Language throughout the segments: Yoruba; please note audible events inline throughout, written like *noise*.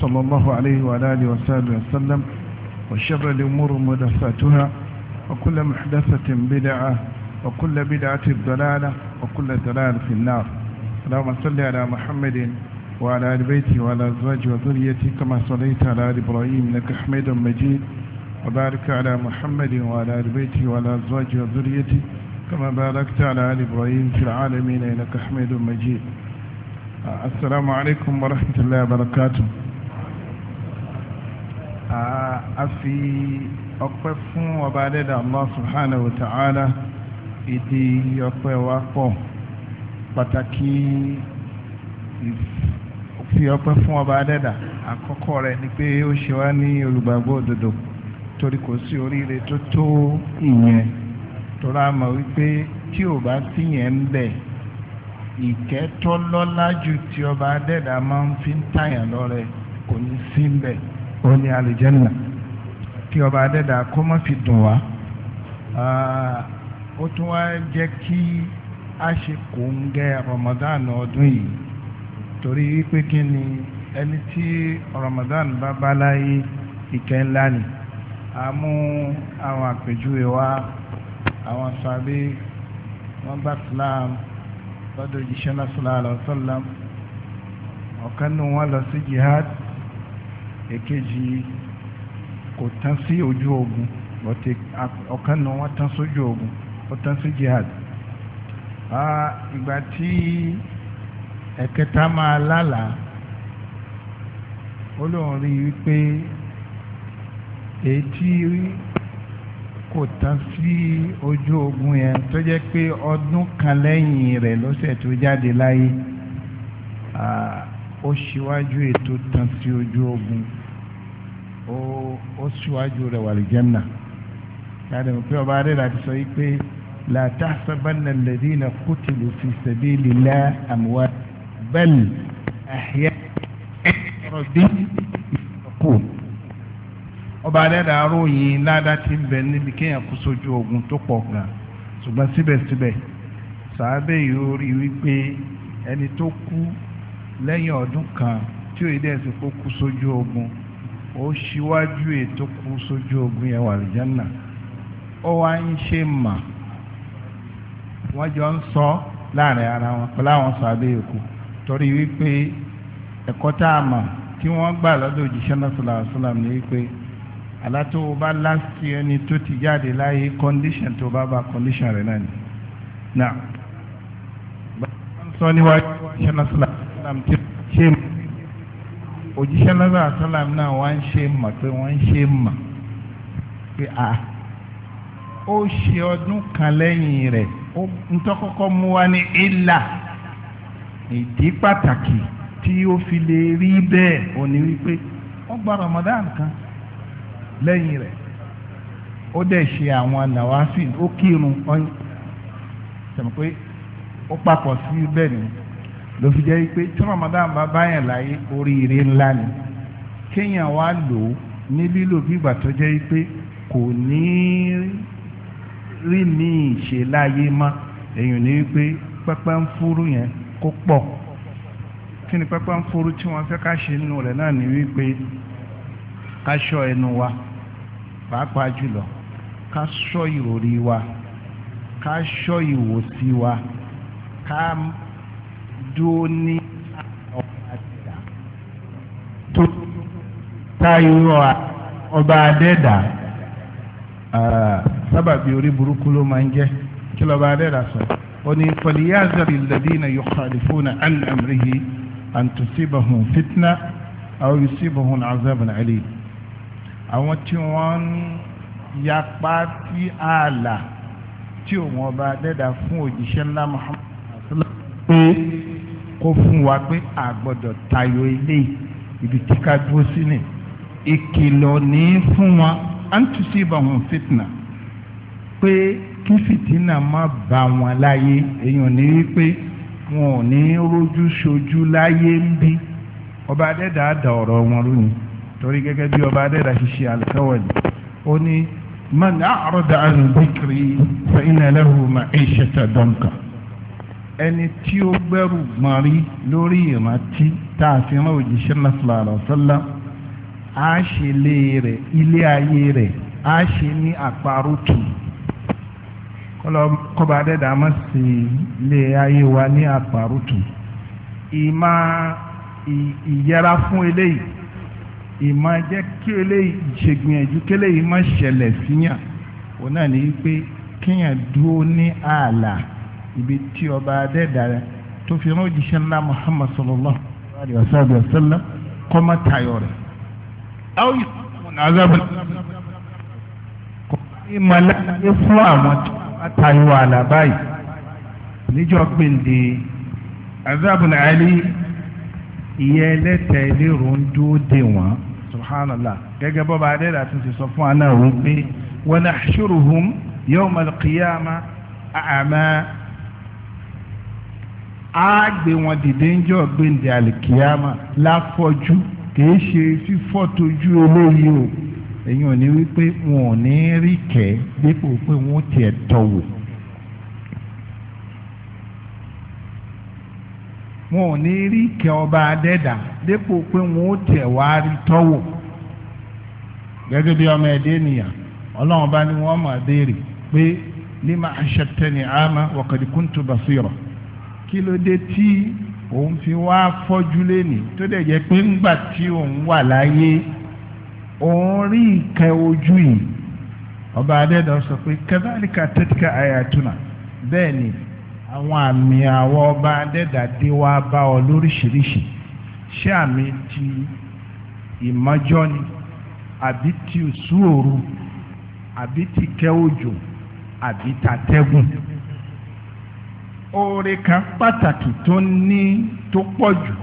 صلى الله عليه وعلى آله وصحبه وسلم وشر الأمور محدثاتها وكل محدثة بدعة وكل بدعة ضلالة وكل ضلالة في النار اللهم صل على محمد وعلى آل بيته وعلى أزواجه وذريته كما صليت على آل إبراهيم إنك حميد مجيد وبارك على محمد وعلى آل بيته وعلى أزواجه وذريته كما باركت على آل إبراهيم في العالمين إنك حميد مجيد السلام عليكم ورحمة الله وبركاته a fi ọpẹ́ fún ọba adẹ́dà Allah subhanahu wa ta'ala ìdí ọpẹ́ wa pọ̀ pàtàkì fi ọpẹ́ fún ọba adẹ́dà àkọ́kọ́ rẹ̀ ni pé ó ṣe wá ní olùgbàgbọ́ òdodo torí kò sí oríire tó tó ìyẹn torí a mọ̀ wípé tí ò bá síyẹn ń bẹ̀ ìkẹ́ tó lọ́lá jù ọba adẹ́dà máa ń fi ń tàyàn lọ́rẹ kò ní sí ń bẹ̀ oni ní àlìjẹ́nà kí ọba adẹ́dà kó má fi dùn wá ó tún wá jẹ́ kí a ṣe kò Ramadan ọdún yìí torí pé kí ni ẹni tí Ramadan bá bá láyé ìkẹ́ ńlá ni a mú àwọn àpèjúwe wá àwọn sàbí wọ́n gba Islam lọ́dọ̀ òjíṣẹ́ náà sallallahu alaihi wasallam ọ̀kan nù wọ́n lọ sí jihad èkejì kò tán sí ojú ogun e, ọ̀kan náà wọ́n tán sójú ogun ó tán sí jihad ìgbà tí ẹ̀kẹta máa lálàá ó lóun rí i wípé èyí tí kò tán sí ojú ogun yẹn tó jẹ́ pé ọdún kan lẹ́yìn rẹ̀ lọ́sẹ̀ tó jáde láyé ó ṣíwájú ètò tán sí ojú ogun ó ó ṣíwájú rẹ̀ wàlìjẹ́nà káàdì mọ̀ pé ọba adéla ti sọ yìí pé la tahsabanna alladhina qutilu fi sabilillahi amwat bal ahya rọ̀bí ìfọ̀kù ọba adéla aróyìn ládàá ti ń bẹ níbi kéèyàn kú sójú ogun tó pọ̀ gan ṣùgbọ́n síbẹ̀síbẹ̀ sàábẹ̀ yìí ó rí wípé ẹni tó kú lẹ́yìn ọdún kan tí òye dẹ́sí kó kú sójú ogun ó ṣíwájú ètò kú sójú ogun yẹn wà lìjánà ó wá ń ṣe mà wọ́n jọ ń sọ láàrin ara wọn pẹ̀lú àwọn sàbẹ̀ èkó torí wípé ẹ̀kọ́ tá a mọ̀ tí wọ́n gbà lọ́dọ̀ òjíṣẹ́ náà sọ̀lá sọ́làm ní wípé àlátó láti ẹni tó ti jáde láyé kọ́ndíṣàn tó bá ba kọ́ndíṣàn rẹ̀ náà ni. náà bá a sọ níwájú òjíṣẹ́ náà sọ̀lá. sálàm ti ṣe mọ̀ òjíṣẹ́ lọ́sọ̀ sálàm náà wá ń ṣe pé wọ́n ṣe pé à ó ṣe ọdún lẹ́yìn rẹ̀ ó tọ́kọ́kọ́ mú wa ní ìlà ìdí pàtàkì tí ó fi lè rí bẹ́ẹ̀ ní wọ́n gba Ramadan ló fi jẹ́ pé tí ramadan bá báyàn láyé oríire ńlá ni kéèyàn wá lò ó ní lílò bígbà tó jẹ́ pé kò ní rí ní ìṣe láyé mọ́ èèyàn ní pé pẹ́pẹ́ ń fúrú yẹn kó pọ̀ kí ni pẹ́pẹ́ ń fúrú tí wọ́n fẹ́ ká wa pàápàá jùlọ ká ṣọ́ ìròrí wa ká ṣọ́ ìwòsí wa ká dúró ní àtìdá tó táyọ̀ ọba adẹ́dà sábàbí orí burúkú ló máa ń jẹ́ kí lọ́ba adẹ́dà sọ ó ní falyahzari alladhina yukhalifuna an amrihi an tusibahum fitna aw yusibahum azabun alim àwọn tí wọ́n ń yapa tí tí òun ọba adẹ́dà fún òjíṣẹ́ ńlá Muhammad kó fún wa pé a tayọ ilé ibi tí ká dúró sí ni ìkìlọ̀ ní fún wa à ń tún fitna pé kí fìtínà má bà wọn láyé èèyàn ní wípé wọn ò ní rójú ṣojú láyé ń bí ọba adẹ́dà á ọ̀rọ̀ wọn rú ni torí gẹ́gẹ́ bí ọba adẹ́dà ṣiṣẹ́ àlùkáwọ̀lì ó ní man a'rada an dhikri fa ẹni tí ó gbẹ́rù gbọ̀nrí lórí ìrántí tá a fi rán òjíṣẹ́ lọ́sọ̀lá àlọ́sọ́lá á ṣe lé rẹ̀ ilé ayé rẹ̀ á ṣe ní àparùtù kọba dẹ́dà má sí ilé ayé wa ní àparùtù ìmá ìyẹra fún eléyìí ìmá jẹ́ kí eléyìí ṣègbìyànjú kí eléyìí má ṣẹlẹ̀ síyàn òun náà ní pé kíyàn dúró ní ààlà ibi tí ọba adẹ́dàrẹ tó fi rán òjíṣẹ́ ńlá muhammad sallallahu alayhi wa sallam kọ́ má tayọ rẹ̀. àwọn ìkùnà azábọ̀ kò ní malẹ́ fún àwọn tó má tayọ àlà báyìí níjọ́ gbèǹde azábọ̀ àlẹ́ ìyẹn ẹlẹ́tẹ̀ lérò ń dúró dè wọ́n subhanallah gẹ́gẹ́ bọ́ba adẹ́dàrẹ tó ti sọ fún wa náà wípé wa nahshuruhum yawm al-qiyamah á wọn dìde ń jọ gbéǹde àlìkíyàmà láfọjú kìí ṣe fífọ́ olóyè o èyí ò ní wípé wọn ò ní rí kẹ́ dípò pé wọn ò tiẹ̀ wọn ò ní rí tọ́wò. gẹ́gẹ́ bí ọmọ ẹ̀dẹ́ nìyà ọlọ́run bá ní wọ́n pé lima ama wa qad kuntu kí ló dé tí òun fi wá fọ́jú lẹ́nì tó dẹ̀ jẹ́ pé ńgbà tí òun wà láyé òun rí ìkẹ́ ojú yìí ọba adẹ́dọ̀ sọ pé kẹ́dáríkà tẹ́tíkà bẹ́ẹ̀ ni àwọn àmì àwọn ọba adẹ́dà dé wá bá ọ lóríṣiríṣi ṣé àmì ti ìmọ́jọ́ ni àbí ti sùúrù àbí ti kẹ́ òjò àbí oore kan pàtàkì tó ní tó pọ̀ jù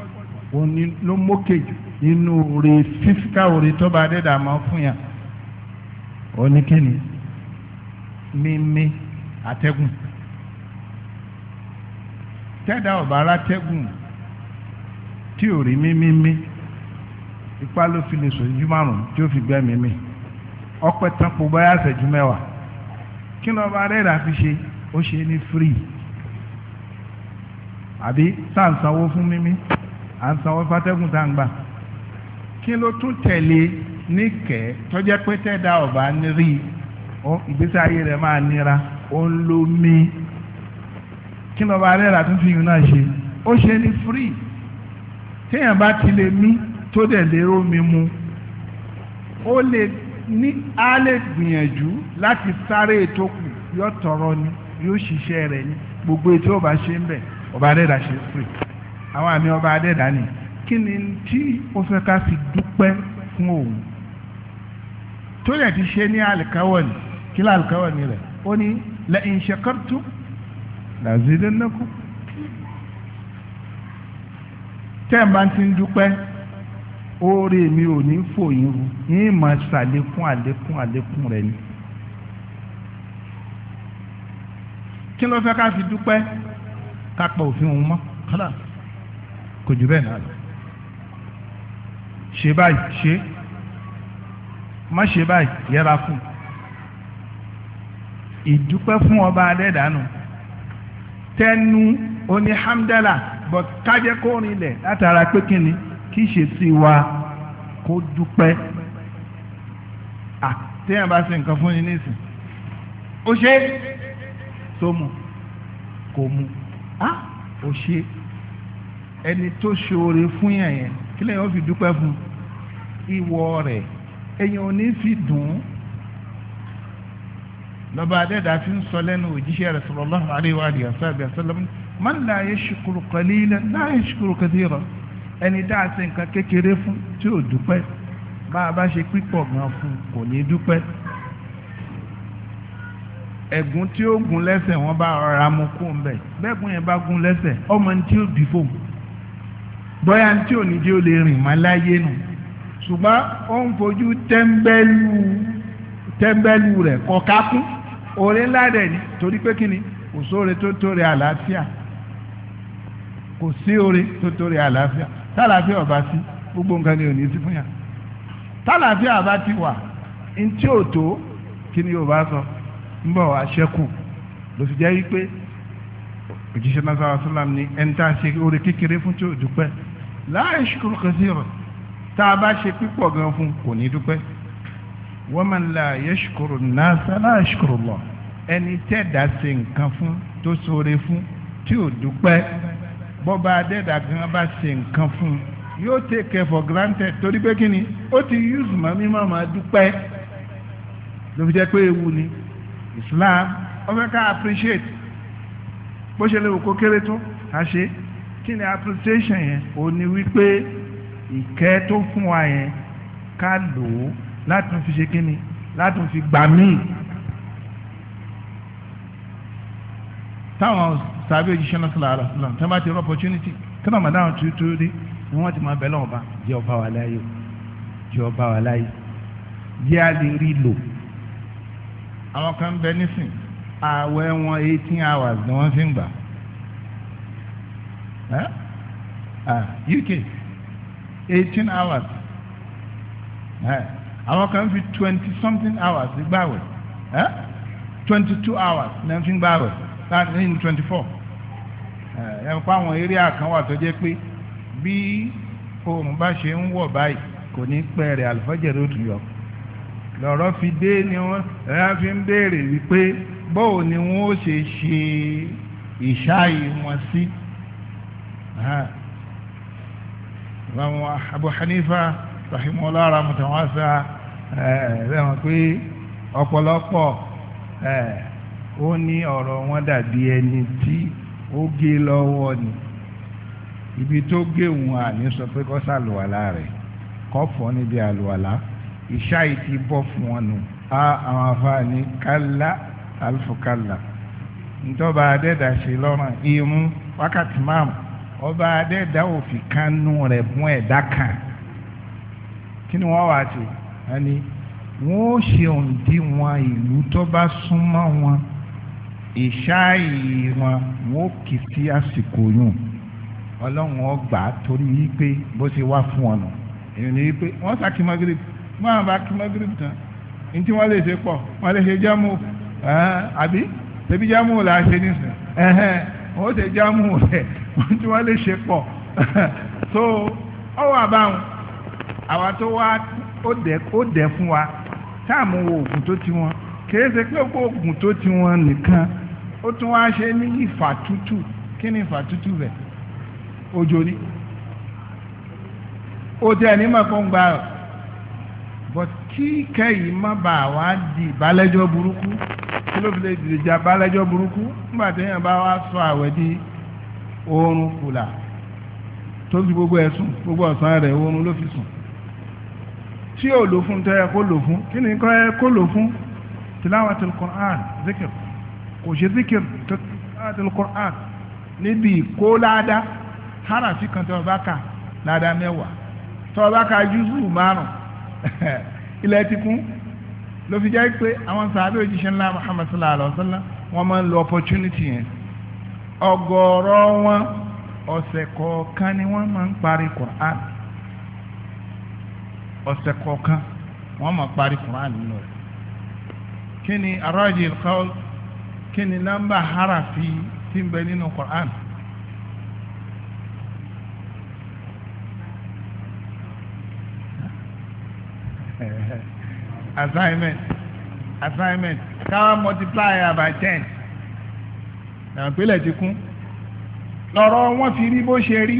òní ló mókè jù nínú oore fífíkà oore tó bá dẹ́dà máa fún yàn oníkíni mímí atẹ́gùn tẹ́dà ọ̀bà alátẹ́gùn tí ò rí mímí mí ipá ló fi lè sòjú márùn tí ó fi gbẹ́ mímí ọpẹ́ tán kò báyà ṣẹ́jú mẹ́wàá kí lọ́ba rẹ̀ rà fi ṣe ó ṣe ní free àbí tá à ń sanwó fún mímí à ń sanwó fátẹ́gùn tá à ń gbà kí ló tún tẹ̀lé níkẹ́ tọ́jẹ́ pé tẹ́dá ọ̀bá ń rí ìgbésí ayé rẹ̀ máa nira ó ń lo mi kí lọ́ba arẹ́rà tún fi yun náà ṣe ó ṣe ní free téèyàn bá ti lè mí tó dẹ̀ lérò mi mu ó lè ní á lè gbìyànjú láti sáré ètò kù yóò tọrọ ni yóò ṣiṣẹ́ rẹ̀ ni gbogbo ètò ọba ṣe ń bẹ̀ ọba adẹ́dà ṣe pè àwọn àmì ọba adẹ́dà ni kí ni tí ó fẹ́ ká fi dúpẹ́ fún òun tó yẹ ti ṣe ní alikawani kí ló alikawani rẹ̀ ó ní la in shakartum la zidannakum tẹ́ ń bá ti ń dúpẹ́ oore mi ò ní fòyín ru yín máa ṣàlékún àlékún àlékún rẹ̀ ni kí ló fẹ́ ká fi dúpẹ́ kápá òfin òun mọ́ kọ́lá kò jù bẹ́ẹ̀ náà lọ. ṣe báyìí ṣe má ṣe báyìí yẹra fún ìdúpẹ́ fún ọba adẹ́dànù tẹnu oní hamdala bọ̀ kájẹ́ kó rinlẹ̀ látara pé kíni kí ṣe sí wa kó dúpẹ́ àtẹ́yìn bá ṣe nǹkan fún yín nísìn ó ṣe é tó mu kò mu ó ṣe ẹni tó ṣoore fún yàn yẹn kí lẹ́yìn ó fi dúpẹ́ fún ìwọ rẹ̀ èyàn ò ní fi dùn ún lọ́ba adẹ́dàá fi ń sọ lẹ́nu òjíṣẹ́ rẹ̀ sallallahu alaihi wa alihi wasallam man la yashkuru qalilan la yashkuru kathira ẹni tá a ṣe nǹkan kékeré fún tí ò dúpẹ́ bá a bá ṣe pípọ̀ gan fún kò ní dúpẹ́ ẹ̀gún tí ó gún lẹ́sẹ̀ wọ́n bá rọra mú kó ń bẹ̀ bẹ́ẹ̀gún yẹn bá gún lẹ́sẹ̀ ọmọ ní tí ó dì fò bóyá ní tí ò ní jẹ́ ó lè rìn má láyé nù ṣùgbọ́n ó ń fojú tẹ́ḿbẹ́lú tẹ́ḿbẹ́lú rẹ̀ kọ̀ọ̀kákún òré ńlá rẹ̀ ni torí pé kí ni kò sóore tó tóore àlàáfíà kò sí oore tó tóore àlàáfíà tálàáfíà ọba sí gbogbo nǹkan ni ò ní sí fún yà tálàáfíà ọba ti wà ntí ò tó kí ni yóò bá sọ. So ń bọ̀ wá ṣẹ́kù ló fi jẹ́ wípé òjíṣẹ́ náà sára sọ́lá ní ẹni tá a ṣe oore kékeré fún tí ò dúpẹ́ láàyè ṣùkúrú kan sí ọ̀rọ̀ tá a bá ṣe pípọ̀ gan fún kò ní dúpẹ́ wọ́n máa ń la àyè ṣùkúrú náà sálá ṣùkúrú lọ ẹni tẹ́ẹ̀dá ṣe nǹkan fún tó ṣoore fún tí ò dúpẹ́ bọ́ba adẹ́dà gan bá ṣe nǹkan fún yóò take care for granted torí pé kí ni ó ti use mọ́ mímọ́ máa dúpẹ́ ló pé ewu ni Islam ó fẹ́ ká appreciate bó ṣe lè wò kó kéré tó a ṣe kí ni appreciation yẹn ò ní wípé ìkẹ́ tó fún wa yẹn ká lò ó láti fi ṣe kíni láti fi gbà míì táwọn sàbí òjíṣẹ́ náà sọ̀rọ̀ àlọ́ sọ̀rọ̀ tí bá ti rí opportunity tí wọ́n máa dáhùn tuntun dé ni wọ́n ti máa bẹ̀ lọ́wọ́ bá jẹ́ ọba wa láyé jẹ́ ọba wa láyé jẹ́ a rí lò àwọn kan bẹ nísìn ààwẹ̀ wọn eighteen hours ni wọ́n fi ń gbà UK eighteen hours àwọn kan fi twenty something hours gbàwẹ̀ twenty two hours ni wọ́n fi ń gbàwẹ̀ that mean twenty four ẹ̀ ń pa àwọn eré àkànwà tó jẹ́ pé bí oòrùn bá ṣe ń wọ̀ báyìí kò ní pẹ́ rẹ̀ àlùfáàjẹ̀ ló tún yọ lọ́rọ̀ fi dé ni wọ́n ẹ̀yà fi ń béèrè wípé bóò ni wọ́n ó ṣe ṣe ìṣáyé wọn sí. àwọn Abu Hanifa rahimahullah mutawasa ẹ̀ẹ́dẹ́wọ̀n pé ọ̀pọ̀lọpọ̀ ó ní ọ̀rọ̀ wọn dàbí ẹni tí ó gé lọ́wọ́ ni ibi tó gé òun àní sọ pé kó ṣàlùwàlá rẹ̀ kó fọ̀ níbi àlùwàlá ìṣá yìí ti bọ́ fún wọn nù á àwọn afáàní kálá alfukálà ntọ́ba adẹ́dà ṣe lọ́rùn irun wákàtí márùn ọba adẹ́dà òfin kánú rẹ̀ mú ẹ̀dá kan kí ni wọ́n wá sí ẹni wọ́n ó ṣe òǹdí wọn ìlú tó súnmọ́ wọn ìṣáàyè wọn wọ́n kì sí àsìkò yùn ọlọ́run ọgbà torí wípé bó ṣe wá fún ọ̀nà èyí ni wípé wọ́n sàkímọ́gírì fún àwọn bá kí magrib tán ní tí wọ́n lè ṣe pọ̀ wọ́n lè ṣe jámù àbí tẹ̀bí jámù là á ṣe nísìn wọ́n ṣe jámù rẹ̀ wọ́n tí wọ́n lè ṣe pọ̀ *laughs* so ọwọ́ àbáwọn àwa tó wá ó dẹ̀ fún wa táàmù oògùn tó ti wọn kìí ṣe pé oògùn tó ti wọn nìkan ó tún wá ṣe ní ìfà tútù kí ni ìfà tútù rẹ̀ òjò ni ó tẹ̀ ní mọ̀kàn gbà rẹ̀ but kí kẹ́yìí má bàa wá di ìbálẹ́jọ́ burúkú kí ló fi lè dìjà ìbálẹ́jọ́ burúkú nígbà téèyàn bá wá sọ àwẹ̀ di oorun kùlà tó fi gbogbo ẹ̀ sùn gbogbo ọ̀sán rẹ̀ oorun ló fi sùn tí ò lò fún tẹ́ kó lò fún kí ni kó lò fún tilawatul Qur'an zikir kò ṣe zikir tilawatul Qur'an níbi ìkó ládàá harafi kan tó bá kà ládàá mẹ́wàá tó bá kà jùzù márùn-ún. *laughs* ilẹ̀ ti kún ló fi jẹ́ pé àwọn sàbẹ̀ òjíṣẹ́ ńlá Muhammad sallallahu alayhi wa sallam wọ́n máa ń lo opportunity yẹn ọgọ́rọ̀ wọn ọ̀sẹ̀ kọ̀ọ̀kan ni wọ́n máa ń parí Quran ọ̀sẹ̀ kọ̀ọ̀kan wọ́n máa parí Quran nínú rẹ̀ kí ni arajil qawl kí ni nọ́mbà harafi tí ń bẹ nínú Quran. Eh, assignment assignment ká multiply her by ten àpèlè ti kún lọ́rọ̀ wọn fi rí bó ṣe rí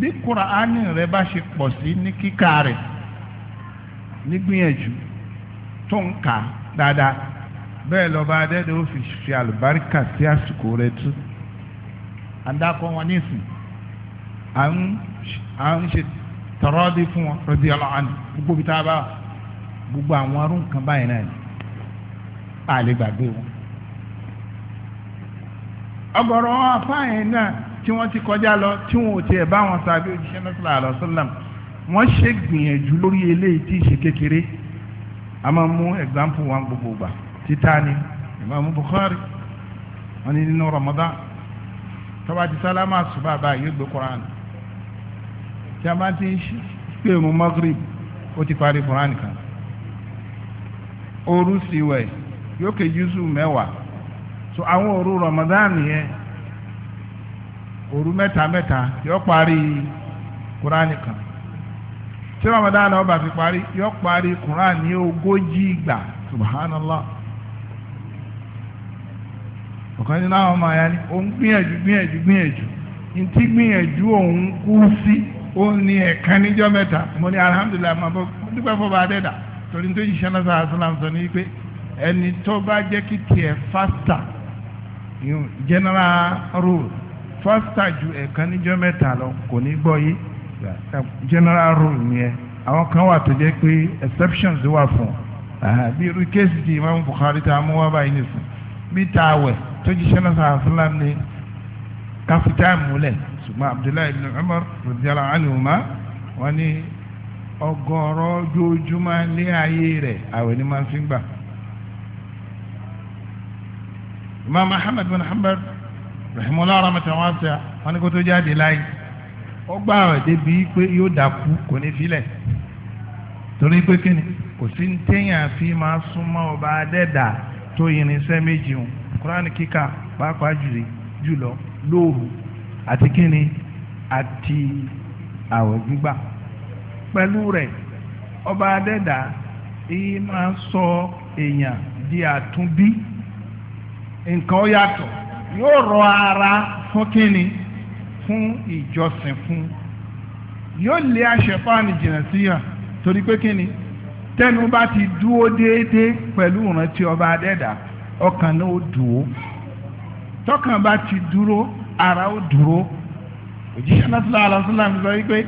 bí kuraani rẹ bá ṣe pọ̀ sí ní kíkà rẹ̀ nígbìyànjú tó ń kà dáadáa bẹ́ẹ̀ lọ́ba adẹ́dẹ́ ó fi fi àlùbáríkà sí àsìkò rẹ̀ tú wọn nísìn à ń ṣe tọrọ́dí fún wọn rọ́dí gbogbo bí tá a bá wà. gbogbo àwọn arún kan báyìí náà ni a lè gbàgbé wọn. ọ̀gọ̀rọ̀ afáàyàn náà tí wọ́n ti kọjá lọ tí wọn ò tiẹ̀ bá wọn sábẹ́ òjíṣẹ́ náà sallallahu alaihi wasallam wọ́n ṣe gbìyànjú lórí eléyìí tí ì ṣe kékeré a máa mú example wa gbogbo gbà títà ni Imam Bukhari wọ́n ní nínú Ramadan tọ́ba ti sálámà àsùbá báyìí yóò gbé Quran tí a bá ti pè mú Maghrib ó ti parí Quran kan Oru si wẹ̀ yóò ké jùsù mẹ́wàá so àwọn òru Ramadan yẹn oru mẹ́ta mẹ́ta yóò parí kúránì kan tí Ramadan náà bá fi parí yóò parí kúránì ogójì ìgbà subhanallah ọ̀kan nínú àwọn ọmọ ya ni òun gbìyànjú gbìyànjú gbìyànjú ntí gbìyànjú òun kú sí ó ní ẹ̀ẹ̀kan níjọ́ mẹ́ta mo ní alhamdulilayi mo dúpẹ́ fún ọba adẹ́dàá. torí tó yíṣẹ́ náà sàrà sọ́nà sọ ní pé ẹni tó bá jẹ́ kí tiẹ̀ fásità general rule fásità ju ẹ̀kan níjọ́ mẹ́ta lọ kò ní gbọ́ yé general rule nìyẹn àwọn kan wà tó jẹ́ pé exceptions wà fún bí irú kéèsì tí Imam Bukhari tá a mú wá báyìí nìsín bí tá a wẹ̀ tó yíṣẹ́ náà sàrà sọ́nà ní káfíńtà múlẹ̀ ṣùgbọ́n Abdullahi ibn Umar radiyallahu anhuma wọ́n ní. Ọgọrọ ojoojúmọ́ lé ayé rẹ àwẹ̀ ni máa fi gbà. Imam Ahmad bin Hanbal rahimahullah rahmatan wasi'a wọn ni kó tó jáde láyé ó gbà àwẹ̀ débi pé yóò dàkú kò ní filẹ̀ torí pé kíni kò sí ní téèyàn fi máa súnmọ́ ọba adẹ́dà tó irinṣẹ́ méjì hùn kúránì kíkà pàápàá jùlọ àti kíni àti pẹ̀lú rẹ̀ ọba adẹ́dà èyí máa sọ èèyàn di àtúnbí nǹkan yàtọ̀ yóò rọ ara fún kínni fún ìjọsìn fún yóò lé àṣẹfáàní jìnnà sí yàn torí pé kínni tẹnu bá ti dúó déédéé pẹ̀lú ìrántí ọba adẹ́dà ọkàn náà ó dùn tọkàn bá ti dúró ara ó dúró òjíṣẹ́ náà sallallahu alaihi wasallam sọ wípé.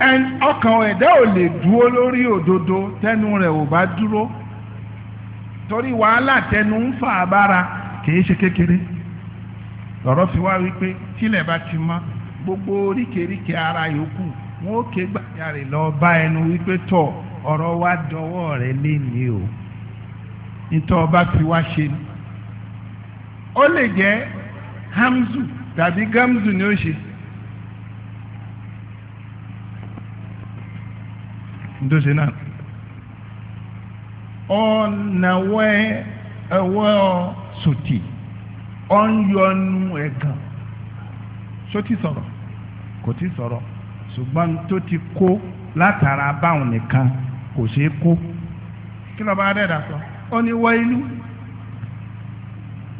ọkàn ẹ̀dá ò lè dúró lórí òdodo tẹnu rẹ̀ ò bá dúró torí wàhálà tẹnu ń fà bára kìí ṣe kékeré lọ́rọ̀ fi wá wípé tílẹ̀ bá ti mọ́ gbogbo oríkèéríkèé ara yòókù wọn ó ké rẹ̀ lọ bá ẹnu wípé tọ̀ ọ̀rọ̀ wa o ọba fi wá ṣe hamzu tàbí gamzu ni ó nítòsí náà ọ̀nàwọ́ ẹ̀wọ́ sòtì ọ̀nyọnu ẹ̀gàn sótì sọ̀rọ̀ kò tí sọ̀rọ̀ ṣùgbọ́n tó ti kó látara báwọn nìkan kò ṣeé kó kí lọ́ba adẹ́dà sọ ó ní wọ́ inú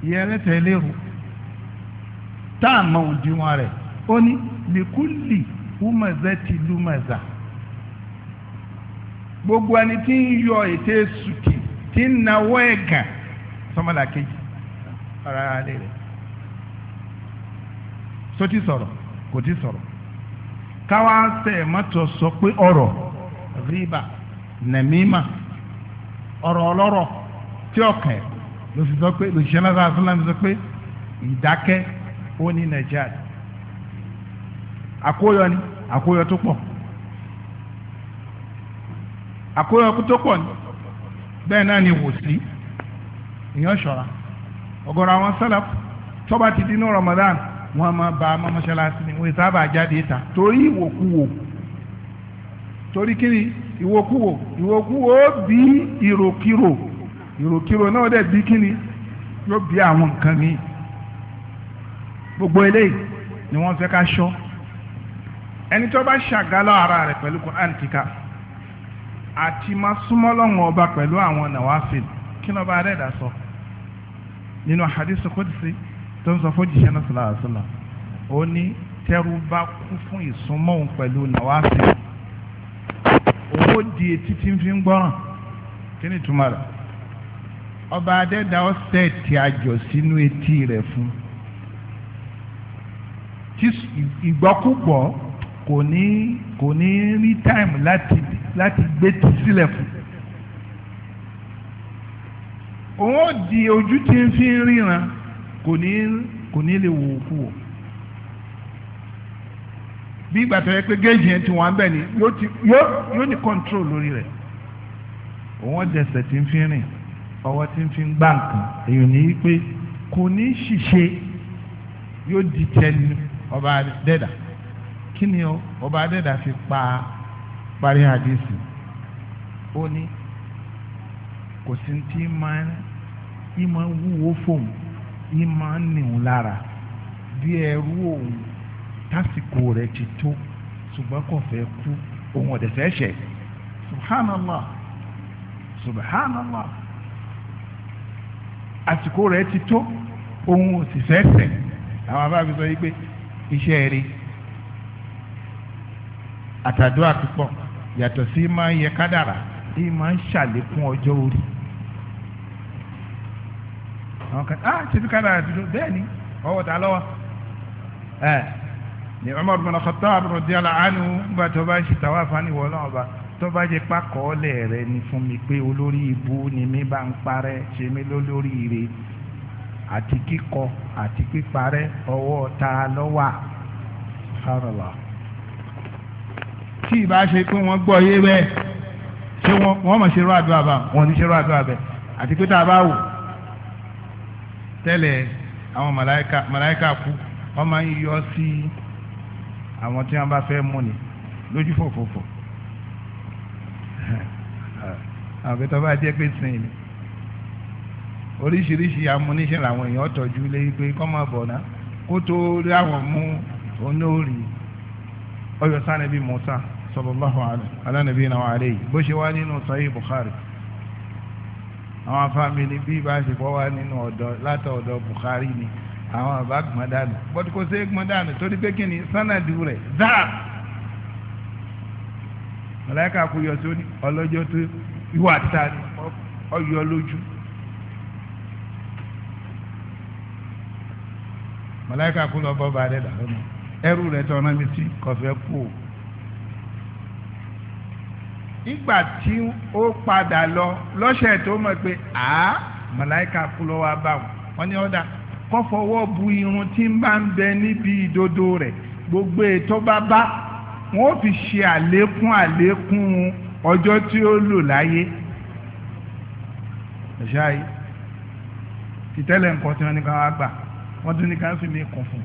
ìyẹn ẹlẹ́tẹ̀ẹ́ lérò tá a mọ òdiwọ̀n rẹ̀ ó ní lìkúlì wúmọ̀zẹ́ ti lúmọ̀zà gbogbo ẹni tí ń yọ ètè sùkì tí ń nawọ́ ẹ̀gàn sọmọlá kejì ara alẹ́ rẹ̀ so ti sọ̀rọ̀ kò ti sọ̀rọ̀ káwá sẹ̀ mọ́tò sọ pé ọ̀rọ̀ rìbá nàmímà ọ̀rọ̀ ọlọ́rọ̀ tí ọ̀kẹ́ ló sì sọ pé lòṣìṣẹ́ náà sọ́nà sọ pé ìdákẹ́ ó ní nàìjíríà àkóyọ ni àkóyọ tó pọ̀. àkóyọkú tó pọ̀ ní bẹ́ẹ̀ náà ni wòsí èèyàn ṣọ́ra ọ̀gọ̀rọ̀ àwọn sálàf tó ti dínú Ramadan wọn a máa ba mọ́mọ́ṣáláṣí ni wọ́n sábà jáde ìta torí ìwòkúwò torí kiri ìwòkúwò ìwòkúwò bí ìròkìrò ìròkìrò náà dẹ̀ bí kíni yóò bí àwọn nǹkan míì gbogbo eléyìí ni wọ́n fẹ́ ká ṣọ́ ẹni tó bá ṣàgálọ́ ara rẹ̀ pẹ̀lú Kùránì kíkà àti máa súnmọ́ lọ́wọ́n ọba pẹ̀lú àwọn nàwáfíl kí lọ́ba adẹ́dà sọ nínú hadith qudsi tó ń sọ fún jíṣẹ́ náà sallallahu alaihi wasallam ó ní tẹ́rù bá kú fún ìsúnmọ́ òun pẹ̀lú nàwáfíl owó di etí tí ń fi ń gbọ́ràn kí ni ìtumọ̀ rẹ̀ ọba adẹ́dà ó sẹ́ẹ̀tì àjọ sínú etí rẹ̀ fún ìgbọ́kúgbọ́ kò ní kò ní rí táìmù láti láti gbé tú sílẹ̀ fún òun ó di ojú tí ń fi ríran kò ní kò ní lè wò ó o bí ìgbà tó yẹ pé géèjì yẹn ti wà bẹ̀ ni yóò ní control lórí rẹ̀ òun ó dẹsẹ̀ tí ń fi rìn ọwọ́ tí ń fi gbá nǹkan èyàn ní í pé kò ní ṣìṣe yóò di tẹni ọba dẹ́dà kí ni ọba dẹ́dà fi pa á parí àdìsí ó ní kò sí tí máa ń máa ń wúwo fóun ń máa ń nìhun lára bí ẹrú òun tásìkò rẹ̀ ti tó ṣùgbọ́n kò fẹ́ kú òun ọ̀dẹ̀ fẹ́ ṣẹ̀ subhanallah subhanallah àsìkò rẹ̀ ti tó òun ò sì fẹ́ ṣẹ̀ àwọn abáàbí sọ yìí pé iṣẹ́ rí àtàdúrà púpọ̀ yàtọ̀ sí máa ń yẹ kádàrà ní máa ń ṣàlékún ọjọ́ orí àwọn kan ah ṣe fi kádàrà dúró bẹ́ẹ̀ ni ọwọ́ ta lọ́wọ́ ẹ ní Umar bin Khattab radiyallahu anhu nígbà tó bá ṣe tàwa fani wọ́n náà bá tó bá jẹ pákọ́ọ́lẹ̀ rẹ ni fún mi pé olórí ibú ni mi bá ń parẹ́ ṣe mí lólórí ire àti kíkọ àti píparẹ́ ọwọ́ ta lọ́wọ́ subhanallah tí ìbá ṣe pé wọ́n gbọ́ yé bẹ́ẹ̀ ṣé wọ́n mọ̀ ṣerú àdúrà bá wọn ní ṣerú àdúrà bẹ́ẹ̀ àti pé tá a bá wò tẹ́lẹ̀ àwọn màláìka màláìka kú wọ́n máa ń yọ sí àwọn tí wọ́n bá fẹ́ mú ni lójú fòfòfò àwọn tó bá jẹ́ pé sìn ní oríṣiríṣi amúníṣẹ́ làwọn èèyàn tọ́jú lé pé kọ́ máa bọ̀ ná kó tó rí àwọn mú onóòrì ọyọ sáré bíi mọ́sá sallallahu ala nabiyina wa alayhi bó ṣe wá nínú sahih bukhari àwọn afáàmìlì bí ìbáṣepọ̀ wá nínú ọ̀dọ̀ látọ̀ ọ̀dọ̀ bukhari ni àwọn àbá gbọ́n dànù bọ́dí kò sí gbọ́n dànù torí pé kí ni sánàdì rẹ̀ dáa mọ̀láyíkà kú yọ tó ní ọlọ́jọ́ tó ìwà ta ni ọyọ lójú mọ̀láyíkà kú lọ bọ́ bá rẹ̀ dàrú ẹrú rẹ̀ tọ́ ọ́nà mi sí kọfẹ́ kú o nígbà tí ó padà lọ lọ́sẹ̀ tó mọ̀ pé a màláìka kú lọ́wọ́ abáwọ̀ wọ́n ní ọ̀dà kọ́ fọwọ́ bu irun tí ń bá ń bẹ níbi ìdodo rẹ̀ gbogbo ètò bá bá wọn ò fi ṣe àlékún àlékún ọjọ́ tí ó lò láyé ẹ̀ṣá yìí ìtẹ́lẹ̀ nǹkan tí wọ́n ní ká wá gbà wọ́n tún ní ká fi mí kún fún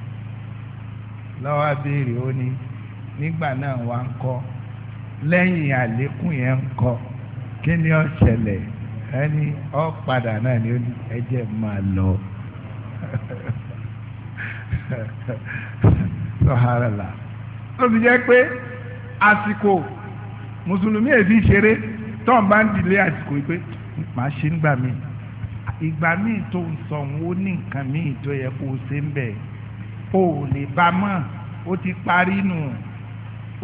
lọ́wọ́ abéèrè ó ní nígbà náà wà ń kọ́ lẹ́yìn àlékún yẹn ń kọ kí ni ó ṣẹlẹ̀ ẹni ó padà náà ni ó ní ẹjẹ́ máa lọ sọ̀hárẹ̀là ó ti jẹ́ pé àsìkò mùsùlùmí èfi ṣeré tó ń bá ń dìlé àsìkò yìí pé màá ṣe ń gbà mí ìgbà míì tó ń sọ òun ó ní nǹkan míì tó yẹ kó o ṣe ń bẹ̀ o ò lè bá mọ̀ ó ti parí nù. No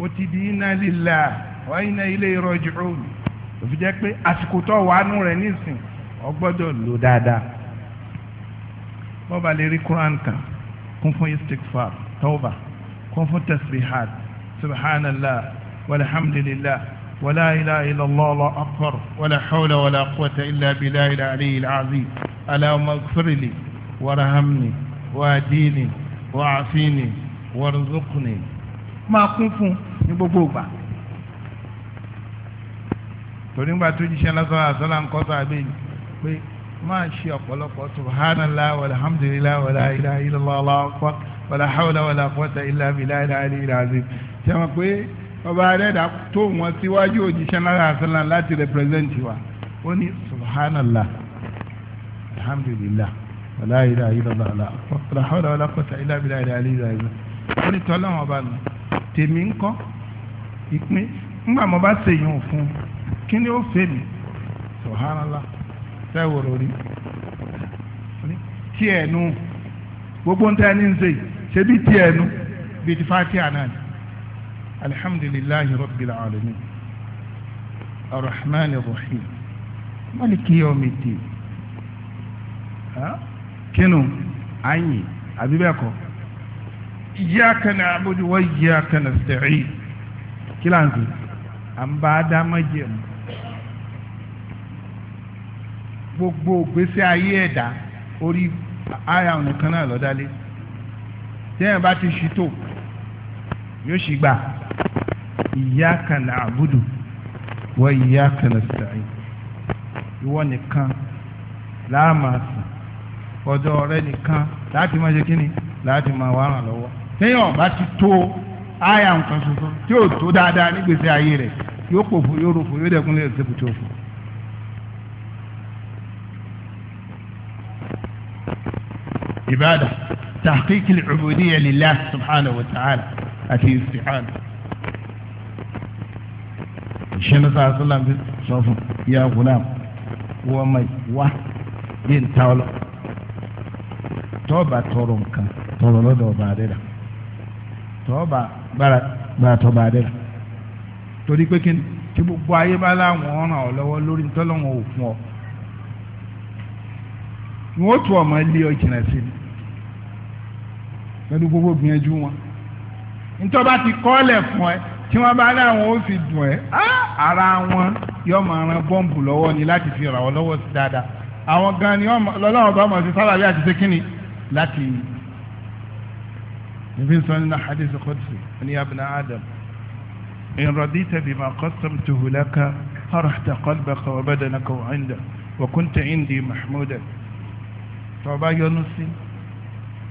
ó ti di inna lillahi wa inna ilayhi raji'un òfin jẹ́ pé àsìkò tó wàánu rẹ̀ nísìn ọ gbọ́dọ̀ lò dáadáa bọ́ba lè rí Quran kan kún fún istighfar tawba kún fún tasbihat subhanallah walhamdulillah wala ilaha illallah Allahu akbar wala hawla wala quwwata illa billahi al-aliyyil azim allahumma ighfirli warhamni wahdini wa'afini warzuqni máa kún fún ní gbogbo ìgbà torí ńgbà tó jíṣẹ́ lásán àṣọlá ń kọ́ sábẹ́ ni pé máa ṣe ọ̀pọ̀lọpọ̀ subhanallah walhamdulillah wàlá ilaha illallah Allahu akbar wàlá hawla wàlá quwwata illa billahi aliyil azim ṣe mọ̀ pé ọba arẹ́dà tó wọn síwájú òjíṣẹ́ lásán àṣọlá láti represent wa ó ní subhanallah alhamdulillah wàlá ilaha illallah Allahu akbar wàlá hawla wàlá quwwata illa billahi aliyil azim ó ní tọ́lọ́wọ́n ọba nù tèmi ń kọ́ ìpín ńgbà mo bá ṣèyàn fún kí ni ó fẹ́ mi sọ̀hánálà fẹ́ wòrò rí tí ẹ̀ nu gbogbo ń tẹ́ ní ń ṣe ṣe bí tí ẹ̀ nu bí ti fàtí àná ni alhamdulilayi rabbil alamin arrahman arrahim maliki yawmi ddin kinu ayin àbí bẹ́ẹ̀ iyyaka na'budu wa iyyaka nasta'in kila nti an ba da majemu gbogbo gbèsè ayé ẹ̀dá orí aya ọ̀nà kan náà lọ́dálé tẹ́yìn bá ti ṣí tó yóò ṣì gbà iyyaka na'budu wa iyyaka nasta'in ìwọ nìkan láàmà sùn ọ̀dọ̀ ọ̀rẹ́ nìkan láti máa ṣe kíni láti máa wá ràn lọ́wọ́ téèyàn bá ti tó àyà nǹkan ṣoṣo tí ò tó dáadáa nígbèsè ayé rẹ̀ yóò pòfo yóò rofo yóò dẹkùn lè ṣe kùtù òfò. ìbáàdà tahqiqil ubudiyya lillah subhanahu wa ta'ala àti isti'ana ìṣẹ́ni sáà sọ́lá ń fi sọ fún ìyá gùnà wọ́n mọ̀ wá bí n ta ọ lọ tọ́ọ̀bà tọ́ba gbára tọ́ba adẹ́ra torí pé kí gbogbo ayé bá láwọn ọ̀ràn ọ̀ lọ́wọ́ lórí ntọ́lọ́wọ́n ò fún ọ ni wọ́n tún ọmọ ilé ọ̀jìnà sí ni pẹ̀lú gbogbo gbìyànjú wọn ntọ́ba ti kọ́lẹ̀ fún ẹ tí wọ́n bá láwọn ó fi dùn ẹ́ ara wọn yọ máa ran bọ́ǹbù lọ́wọ́ ni láti fi ràn wọ́n lọ́wọ́ sí dáadáa àwọn gan ni lọ́lọ́wọ́ bá mọ̀ sí sábàbí àti ṣe kínni láti níbi sọ nínú hadith qudsi ní abúlé adam in radita bima qasamtuhu laka farahta qalbaka wa badanaka wa inda wa kunta indi mahmuda tó bá yọ́nú sí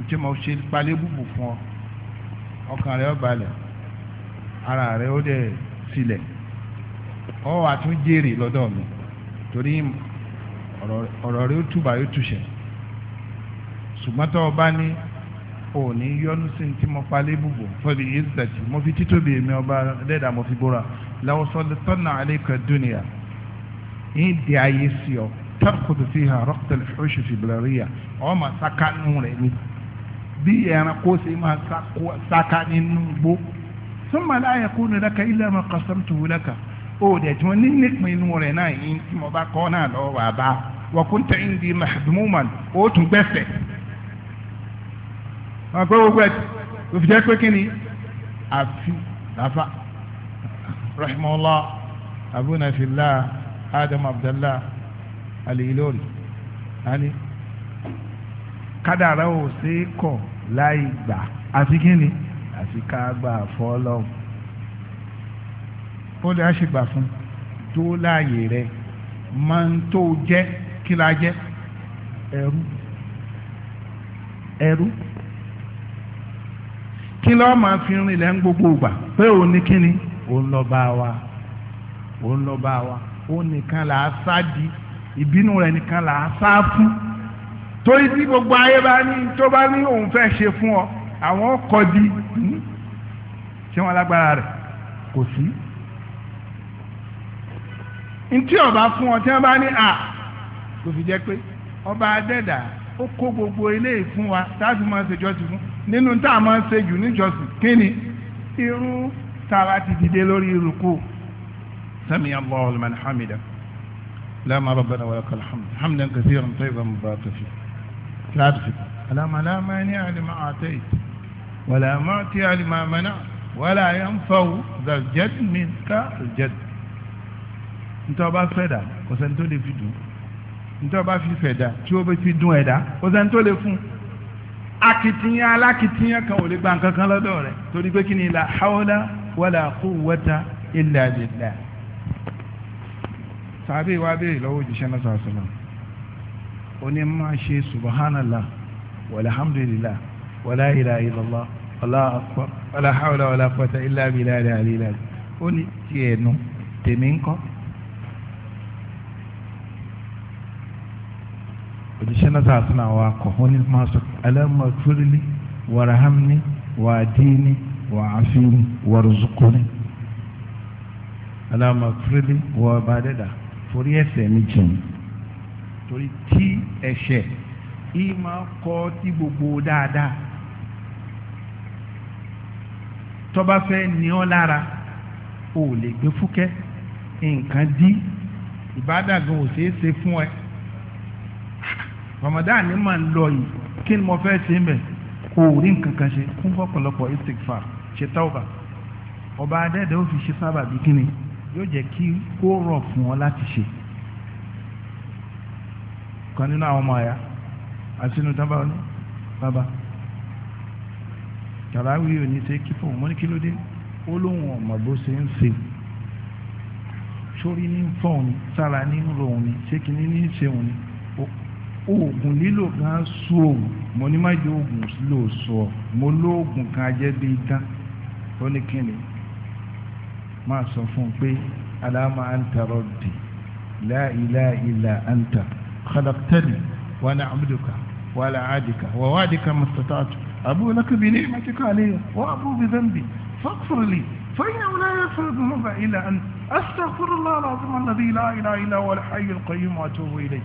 tí mo ṣe palẹ́ bùbù fún ọ ọkàn rẹ ó balẹ̀ ara rẹ ó dẹ̀ sílẹ̀ ọ wà tún jèrè lọ́dọ̀ mi torí ọ̀rọ̀ rẹ ó túbà yóò túṣẹ̀ ṣùgbọ́n tó o bá ní ò ní yọnu sí ní tí mo palẹ́ bùbọ̀ fọlì ìsìtàjì mo fi títóbi èmi ọba dẹ́dà mo fi bóra làwọ̀sọ̀lẹ̀ tọ́nà àlékà dúnìyà ní di ayé sí ọ tẹ́kùtù fi hàn rọ́kítẹ̀lẹ̀ oṣù fìbìlẹ̀ríyà ọ ma saka nù rẹ̀ ni bí ẹranko ṣe máa saka nínú gbó súnmọ́ láyé kó nu lẹ́ka ilé ọmọ kọ́sọ́mùtù wúlẹ́ka ó dẹ̀ tí wọ́n ní nípìn inú rẹ̀ náà yìí tí mo bá kọ́ náà lọ́wọ́ bàbá wọ́n kún tẹ́ wọn pé gbogbo ẹ tó fi jẹ́ pé kí ni àfi láfa rahimahullah abuna adam abdallah alilori ani kádàrá ò sí kọ̀ láì gbà àti kí ni àti ká gbà fọlọ́hùn ó lè ṣègbà fún tó láàyè rẹ máa ń tó jẹ́ kí la jẹ́ ẹrú ẹrú kí lọ́ọ́ máa fi rin ilẹ̀ ń gbogbo ìgbà pé òun ní kíni òun lọ bá wa òun lọ bá wa òun nìkan là á sá di ìbínú rẹ̀ nìkan là á sá fún torí tí gbogbo ayé bá ní tó bá ní òun fẹ́ ṣe fún ọ àwọn ọkọ̀ di hmm? ṣé wọn lágbára rẹ̀ kò sí ntí ọba fún ọ tí wọn bá ní à kò fi jẹ pé ọba adẹ́dàá ó kó gbogbo eléyìí fún wa táàfin máa ṣe jọ́sìn fún nínú tá a máa ṣe jù níjọ́sìn kí ni irun tààrà ti dìde lórí rúkú sami allahu liman hamida lama rabbana wa lakal hamd hamdan kathiran tayyiban mubarakan fi alama lama ni alima atai wala ma ti alima mana wala yanfa'u zal jad minka al jad ntọ́ bá fẹ́ dà kò lè fi dùn nítorí bá fi fẹ̀dà tí ó bá fi dún ẹ̀dá ó sẹ́ni tó lè fún un akitiyan alakitiyan kan ò lè gba nǹkan kan lọ́dọ̀ rẹ̀ torí pé kí ni la hawla wala quwwata illa billah sàbẹ̀ wa bèrè lọ́wọ́ òjíṣẹ́ náà sọ̀rọ̀ sọ̀rọ̀ oní máa ṣe subhanallah walhamdulillah wala ilaha illallah Allahu akbar wala hawla wala quwwata illa billah àlè àlè ó tiẹ̀ nu tèmi ń òjíṣẹ́ náà sàásùn àwọn akọ̀ ó ní máa sọ alámọ̀ fúrílì wàràhámni wàdíní wàáfíní wàrùzùkúni alámọ̀ fúrílì wàbàdẹ́dà torí ẹ̀ṣẹ̀ mi jìn torí tí ẹ̀ṣẹ̀ yìí máa kọ́ tí gbogbo dáadáa tọ́ba fẹ́ ní ọ́ lára o lè gbé fúkẹ́ nǹkan dí ìbádàgbọ́n ò ṣeé ṣe fún ẹ. Ramadan ni mà ń lọ yìí kí ni mo fẹ́ ṣe ń bẹ̀ kò rí nǹkan kan ṣe kún fọ́pọ̀lọpọ̀ istikfar ṣe tawba ọba adẹ́dẹ́ ó fi ṣe sábà bí kíni yóò jẹ́ kí kó rọ̀ fún ọ láti ṣe kan nínú àwọn ọmọ àyà àtinú tábà ọ ní bàbá tàràwí ò ní ṣe kí fún òun kí ló dé ó lóun ọmọ bó ṣe ń ṣe sórí ní fọ́ọ̀n sára ní ń lo òun ni ṣé kìíní ní ṣe òun ni oògùn lílò kan so òun mo ní má jẹ oògùn lò so ọ mo lóògùn kan ajẹ́ bí dán ó ní kíni máa sọ fún un pé aláma anta rabbi la ilaha illa anta khalaqtani wa ana abduka wa ala adika wa wa'dika mastata'tu abu laka bi ni'matika alayya wa abu bi dhanbi faghfir li فإنه لا يغفر الذنوب إلا أنت أستغفر الله العظيم الذي لا إله إلا هو الحي القيوم وأتوب إليه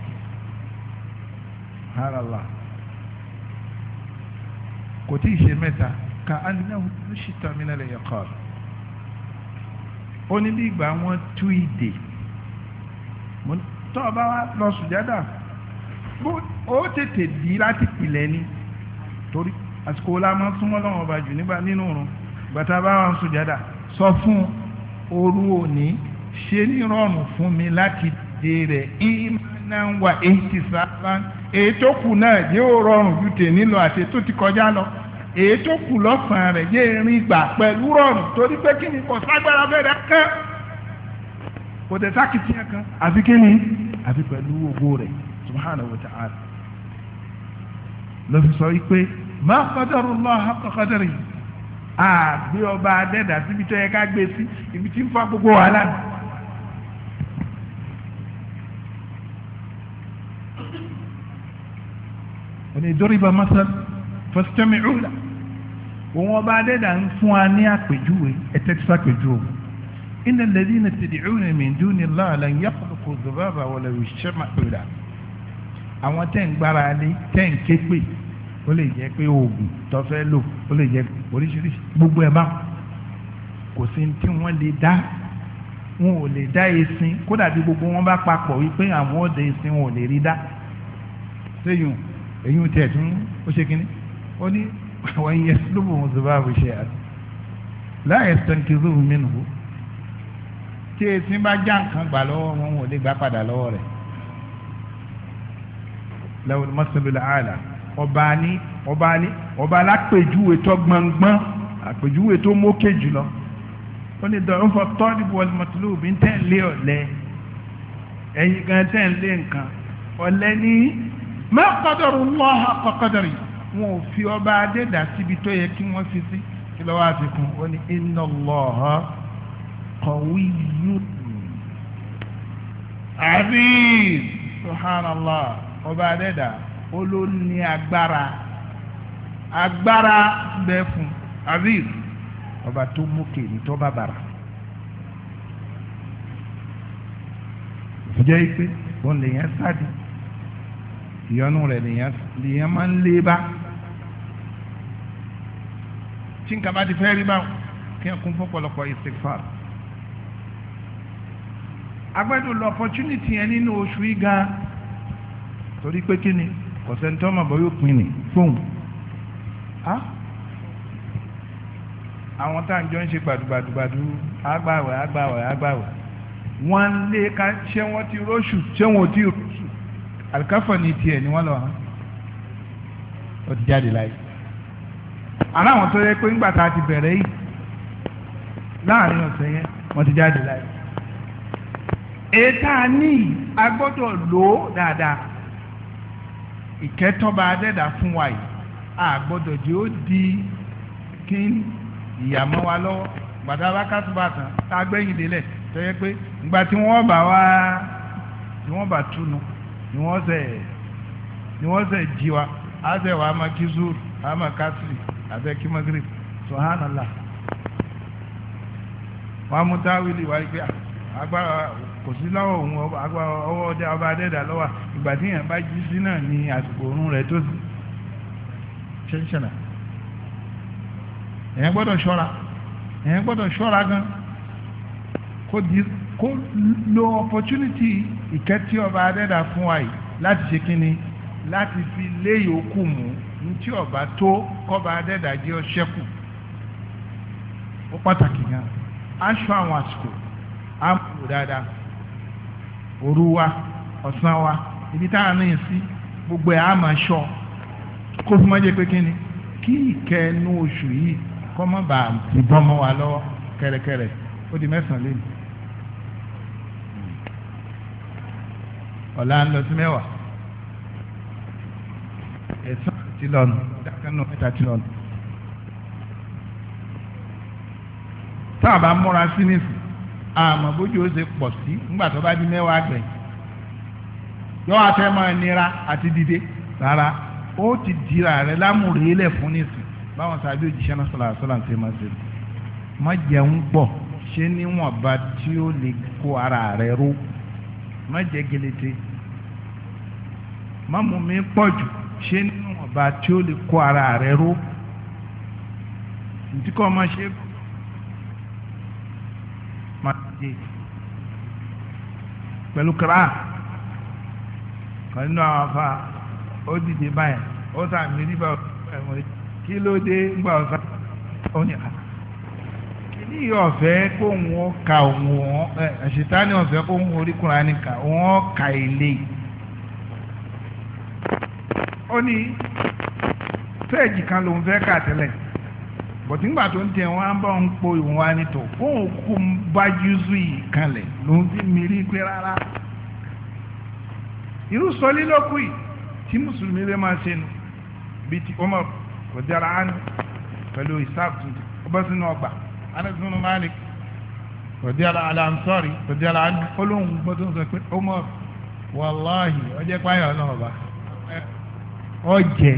subhanallah kò tí ì ṣe mẹ́ta ka annahu nushita min al-yaqar ó ní bí ìgbà wọn tú ìdè tó o bá lọ sùjádà ó tètè dí láti pìlẹ̀ ni torí àsìkò la máa súnmọ́ lọ́wọ́ ọba jù nígbà nínú òrùn bàtà bá wà ń sùjádà sọ fún òru òní ṣe ní rọrùn fún mi láti dé rẹ̀ ìmọ̀. na wà eighty seven èyí tó kù náà yé rọrùn ju tèmi lọ àti tó ti kọjá lọ èyí tó kù lọ́sàn-án rẹ̀ yé rin gbà pẹ̀lú rọrùn torí pé kí ni kò ságbára fẹ́rẹ̀ kán kò dẹ̀ sákìtìyàn kan àfi kí ni àfi pẹ̀lú rẹ̀ wa sọ ọba adẹ́dà síbi tó yẹ ká gbé sí ibi tí ń gbogbo wàhálà. òní dọ́rìbà masal fọ́sítẹ́mì ọ̀la òun ọba adẹ́dà ń fún wa ní àpèjúwe ẹ̀tẹ́tísà e àpèjúwe inna alladhina tad'una min duni Allah lan yakhluqu dhubaba wa law ijtama'u lahu àwọn tẹ́ ń gbára lé tẹ́ ń ké pè ó lè jẹ́ pé oògùn tó fẹ́ lò ó lè jẹ́ oríṣiríṣi gbogbo ẹ̀ bá kò sí tí wọ́n lè dá wọn ò lè dá esin kódà bí gbogbo wọn bá papọ̀ wípé àwọn ọ̀dẹ̀ esin wọn ò lè rí dá èyí ò tẹ̀ tún ó ṣe kínní ó ní àwọn iye lóbò wọn tó bá bò ṣe àti láyé sẹ́ńkìrú mi nù ó tí etí bá já nǹkan gbà lọ́wọ́ wọn ò lè gbà padà lọ́wọ́ rẹ̀ lẹ́wọ̀n mọ́sálùlá àlà ọba ní ọba ní ọba alápèjúwe tó gbọ̀ngbọ̀n àpèjúwe tó mókè jùlọ ó ní dọ̀rọ̀ fọ tọ́ọ̀dì bọ́ọ̀lù mọ́tòlóòbí ń tẹ̀lé ọ̀lẹ́ ẹ̀yin gan tẹ̀lé nǹkan ọ̀lẹ́ ní. ma qadarullah haqqa qadari wọn ò fi ọba adẹ́dà síbi tó yẹ kí wọn fi sí kí lọ́wọ́ àfikún wọn ni inna Allaha aziz subhanallah ọba adẹ́dà olóní agbára agbára bẹ́ẹ̀ fún aziz ọba tó mókè ní tó bá bàrà. ìjẹ́ ipe sáde ìyọnu rẹ̀ lèèyàn máa ń lé bá tí nǹkan bá ti fẹ́ rí báwọn kí ẹkún fọ́pọ̀lọpọ̀ istighfar agbẹ́dùn lọ opportunity yẹn nínú oṣù iga torí pé kí ni kò sẹ́ńtọ́ mà bọ́ yóò pin ní fóun àwọn tá à ń jọ ń ṣe gbàdúgbàdúgbàdú agbáwẹ̀ agbáwẹ̀ agbáwẹ̀ wọ́n lé ká ṣé wọ́n ti róṣù ṣé wọ́n ti róṣù àlùkáfọ̀ ni tiẹ̀ ni wọ́n lọ hàn ó ti jáde láyé ara àwọn tó yẹ pé ńgbà tá a ti bẹ̀rẹ̀ yìí láàrin ọ̀sẹ̀ yẹn wọ́n ti jáde láyé èyí tá a ní a gbọ́dọ̀ lò ó dáadáa ìkẹ́tọ́ba adẹ́dà fún wa yìí a gbọ́dọ̀ jẹ́ ó di kí ìyàmọ́ wa lọ́wọ́ gbàdá bá tán tá a gbẹ́yìn lélẹ̀ tó yẹ pé ìgbà tí wọ́n bá wá tí wọ́n bá túnu. ni wọ́n jiwa aze wọ́n wa á sẹ̀ wà á máa kí magrib ah, ọba adẹ́dà lọ́wọ́ ìgbà tí yẹn bá jí sí náà ni àsìkò oorun rẹ̀ tó sí ṣẹ́ṣẹ́nà èèyàn gbọ́dọ̀ ṣọ́ra gbọ́dọ̀ ṣọ́ra gan ìkẹ́ tí ọba adẹ́dà fún wa yìí láti ṣe kínni láti fi lé yòókù mú ní ọba tó kọba adẹ́dà jẹ́ ọṣẹ́kù ó pàtàkì gan aṣọ àwọn àsìkò á dáadáa òru wa ọ̀sán wa ibi tá a ní sí gbogbo ẹ̀ á máa ṣọ kó fún mọ́jẹ́ pé kínni kí ìkẹ́ inú oṣù yìí kọ́ mọ́ bàa bọ́ mọ́ wa lọ́wọ́ kẹ̀rẹ̀kẹ̀rẹ̀ ó di mẹ́sàn-án lónìí. ọ̀la ń lọ sí mẹ́wàá ẹ̀sán ti lọ́nu ìdákanú mẹ́ta ti lọ́nu. tá a bá múra sí nísìn àmọ́ bójú ó ṣe pọ̀ sí nígbà tó bá di mẹ́wàá gbẹ̀yìn yọ àfẹ́ máa nira àti dìde rárá ó ti dira rẹ̀ lámùrèélẹ̀ fún nísìn báwọn sábẹ́ òjíṣẹ́ náà sọ̀rọ̀ àṣọ làǹtẹ̀ máa ṣe má jẹun pọ̀ ṣé níwọ̀nba tí ó lè kó ara rẹ̀ ró má jẹ gẹlẹ́tẹ́ má mú mi pọ̀ jù ṣé nínú ọba tí ó lè kó ara rẹ ró ntí kọ́ ọmọ ṣe máa ṣe pẹ̀lú kíra kan nínú àwọn afa ó dìde báyìí ó sàmì nígbà ẹ̀wọ̀n kí ló dé ńgbà ọ̀sán ó ní ah, ká ní ọ̀fẹ́ kó wọn ka òun ọ̀ṣìtáni ọ̀fẹ́ kó wọn orí Kùránì ká wọn ka ilé yìí. ó ní péèjì kan lòun fẹ́ kà tẹ́lẹ̀ bọ̀tí ńgbà tó ń á bá ń po ìwọ̀n wa ní tò fún òkú ń kanlẹ̀ lòun fi mìírí pé rárá irú sọlí ló kù yìí tí mùsùlùmí lè máa ṣe nu bíi ti Umar kò dára ánu pẹ̀lú ìsáàtú ọba sínú ọgbà Malik kò kò ọba. ọjẹ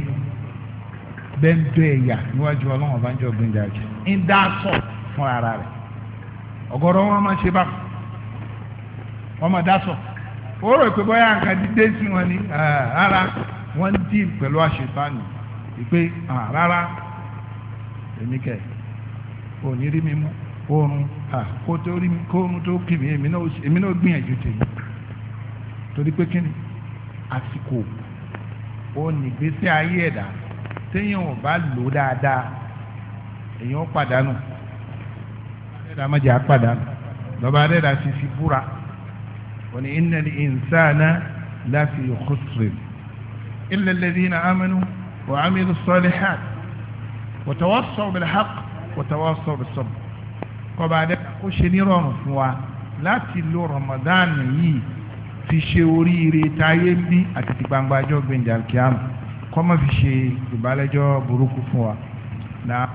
bẹ́ńdọ́ ẹ̀yà níwájú ọlọ́run ọbànjọ́ gbẹ̀ndà jẹ ń dá sọ fún ara rẹ̀ ọ̀gọ̀rọ̀ wọn máa ṣe bá wọn máa dá sọ ó rò pé bóyá nǹkan dídé sí wọn ni rárá wọn dì pẹ̀lú àṣetánì ìpè rárá èmi kẹ ò ní rí mi mú oorun kó tó rí mi kó torí pé kí ni àsìkò. ó nìgbésí ayé ẹ̀dá téèyàn ò bá lò dáadáa èèyàn pàdánù ẹ̀dá mọ̀jà pàdánù lọ́ba ẹ̀dá ti fi búra wọ́n ní innal insana lafi khusrin illa alladhina amanu wa amilu salihat wa tawassaw bil haqq wa tawassaw bis sabr kọ́ba ẹ̀dá kó ṣe ní rọrùn fún wa láti lo Ramadan yìí ti ṣe oríire táyé ń bí àti ti gbangba ọjọ́ gbẹ̀ǹdà kíám kọ́ mọ́ fi ṣe ìbálẹ́jọ́ burúkú fún wa náà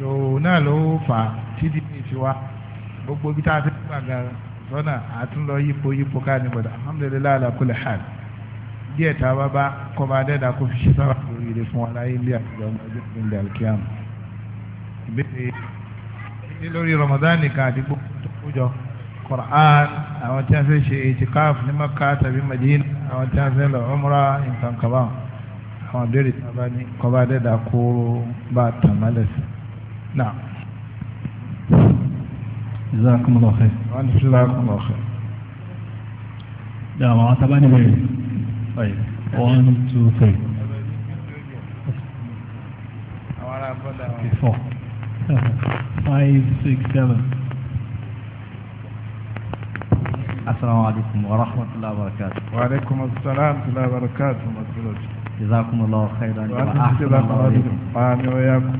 yòò náà ló fà á títí ní ìfiwá gbogbo ibi tá a ti ń gbàgbà lọ́nà àtúnlọ yípo yípo ká ní bọ̀dà alhamdulilayi ala kulli hal díẹ̀ tá a bá bá kọ́ bá dẹ́dà kó fi ṣe sábà oríire fún wa láyé ilé àtijọ́ ọjọ́ gbẹ̀ǹdà kíám ìbéèrè lórí Ramadan nìkan àti gbogbo tó Quran àwọn tí wọ́n fẹ́ ṣe itikaf ní Maka tàbí Madina àwọn tí wọ́n fẹ́ lọ umra nǹkan kaba àwọn abẹ́rẹ́ tí wọ́n bá ní kọ́ba dẹ́dà kó bá tàmálẹ̀ sí. náà. jazakumullahu khair. wọ́n ní jazakumullahu khair. dàwọn àwọn tábà ní bẹ̀rẹ̀ báyìí one two three. àwọn ará bọ́dà wọn. four five six seven. السلام عليكم ورحمة الله وبركاته وعليكم السلام ورحمة الله وبركاته rahmatulahi wa الله jazakumullahu khairan wa ahsanahu alaykum. àmín o yà kú.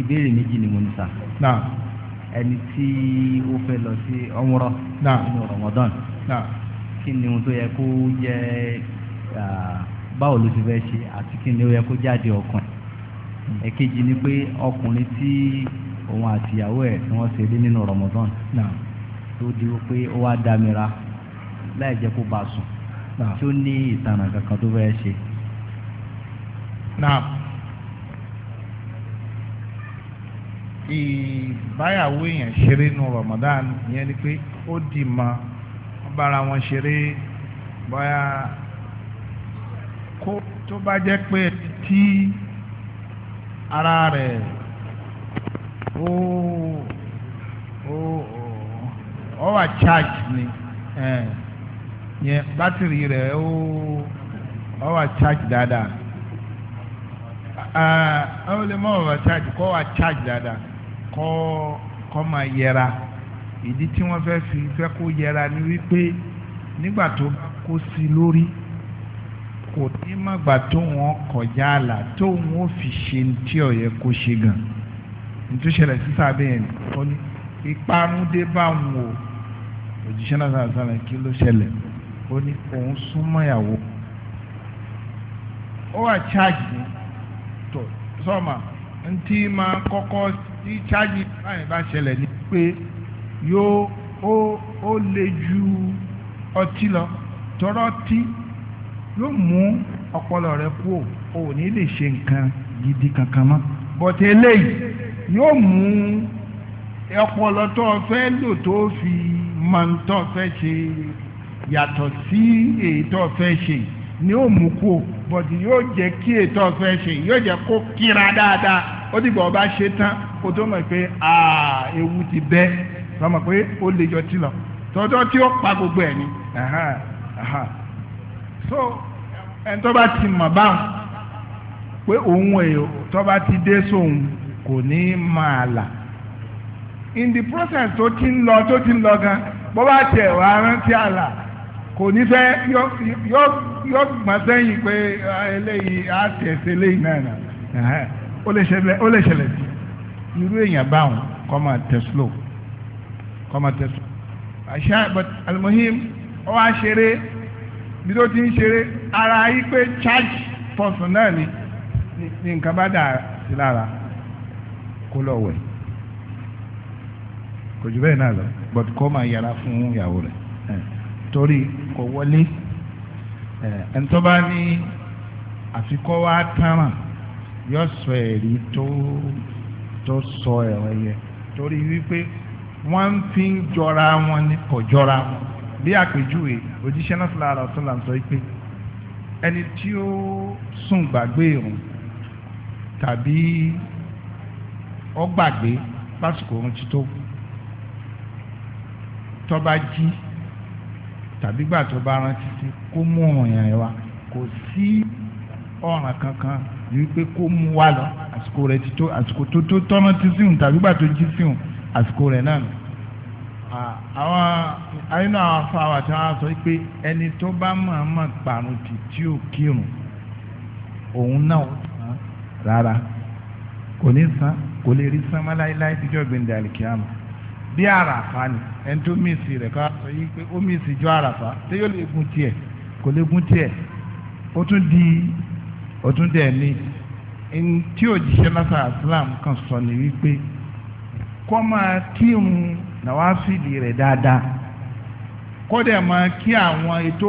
ìbéèrè méjì ni mo ní sá. náà. ẹni tí ó fẹ́ lọ sí ọmọrọ. náà nínú Ramadan. náà. kí ni ohun tó yẹ kó jẹ́ báwo ló ti fẹ́ ṣe àti kí ni ó yẹ kó jáde ọkàn ẹ̀kejì ni pé ọkùnrin tí òun àtìyàwó ẹ̀ tí wọ́n ṣe lé nínú Ramadan. náà tó di pé ó wá dámira láì jẹ́ kó ba a sùn tí ó ní ìtànà kankan tó fẹ́ ṣe. náà ìbáyàwó èèyàn ṣeré nu Ramadan yẹn ni pé ó dì mọ́ wọ́n bára wọn ṣeré bóyá kó tó bá jẹ́ pé tí ara rẹ̀ ó ó ọ wà charge ni yẹn rẹ̀ ó wà charge dáadáa ọ lè mọ charge kọ́ charge yẹra ìdí tí wọ́n fẹ́ fi fẹ́ kó yẹra ni wípé nígbà tó kó sí lórí kò ní má gbà tó wọn kọjá àlà tó wọn ò fi ṣe tí ó yẹ kó ṣe gan nítorí sísá ni ìparun dé bá wọn òjíṣẹ́ náà sáà sáà kí ló ṣẹlẹ̀ ó ní òun súnmọ́ ìyàwó ó wà chájì ní tó sọ́mà ntí máa kọ́kọ́ tí báyìí bá ṣẹlẹ̀ tọrọ yóò mú ọpọlọ rẹ kú ò lè ṣe nǹkan gidi kankan eléyìí yóò mú ọpọlọ tó o máa ń tọ́ fẹ́ ṣe yàtọ̀ sí èyí tó fẹ́ ṣe ni ó mú kú o but yóò jẹ́ kí èyí tó fẹ́ ṣe yóò jẹ́ kó kíra dáadáa ó dìgbà ọba ṣe tán kó tó mọ̀ pé ewu ti bẹ́ sọmọ pé ó lè jọ ti lọ tọ́jọ́ tí ó pa gbogbo ẹ̀ ni so ẹni tó bá ti mọ̀ báwọn pé òun ẹ̀ tó bá ti dé sóun kò ní máa là. in the process tó ti ń lọ tó ti ń lọ gan bó bá tiẹ̀ wá rántí àlà kò ní yóò gbọ́n sẹ́yìn pé eléyìí á tẹ̀sẹ̀ eléyìí náà nà ó lè sí irú èèyàn báwọn máa slow máa slow àṣà but alimohim ó wá ṣeré bí tó ti ń ara yí charge person náà ni nǹkan bá dà sí kò jù bẹ́ẹ̀ náà lọ but kó máa yẹra fún ìyàwó rẹ̀ torí kò wọlé ẹni tó bá ní àfikọ́ wa tán yóò sọ ẹ̀rí tó tó sọ ẹ̀rọ yẹ torí wípé wọ́n fi ń jọra wọn ni kò jọra wọn bí àpèjúwe òjíṣẹ́ náà fúnra rẹ̀ ọ̀tún là ń sọ pé ẹni tí ó sùn gbàgbé ìrùn tàbí ó gbàgbé ohun tí tó kù tó bá jí tàbí gbà tó bá rántí sí kó mú ọ̀ràn ẹ̀ wá kò sí ọ̀ràn kankan wípé kó mú wá lọ àsìkò rẹ̀ ti tó àsìkò tó tó tọ́nà ti síhùn tàbí gbà tó jí síhùn àsìkò rẹ̀ náà nù. àwọn àyínú àwọn afáwà tí wọ́n sọ pé ẹni tó bá mọ̀ọ́mọ̀ parun tì tí ò kírun òun náà rárá kò ní san kò lè rí san mọ́ láéláé tíjọ́ gbẹ̀ndẹ̀ àlìkíyàmù. bí àràfà ni ẹni tó mísì rẹ̀ ká sọ yí pé ó mísì jọ àràfà tí yóò lè gun tiẹ̀ kò lè gun ó tún di ó tún dẹ̀ ní tí òjíṣẹ́ lásà islam kan sọ ni wípé kọ máa kírun nàwáfìlì rẹ dáadáa kọ́dẹ̀ máa kí àwọn ètò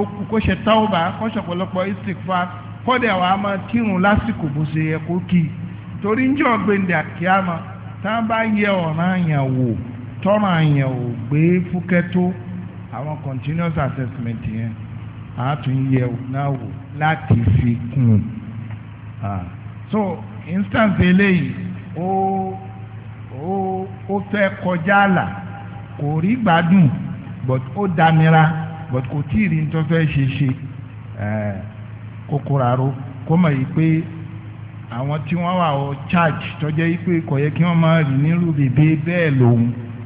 ọ̀pọ̀lọpọ̀ kọ́dẹ̀ wàá máa lásìkò bó ṣe yẹ kó kí torí ń tá a bá yẹ ọ̀ràn tọ́rọ àyàn ò gbé fúkẹ́ tó àwọn continuous assessment yẹn àtúnyẹ̀ náà wò láti fi kún un so instance eléyìí ó ó ó fẹ́ kọjá àlà kò rí gbádùn but ó dámira but kò tí ì rí nítorí fẹ́ ṣe ṣe kókó ráró kó mọ̀ yìí pé àwọn tí wọ́n wà ó charge tọ́jọ́ yìí pé kò yẹ kí wọ́n máa rí nílùú bèbè bẹ́ẹ̀ lòun.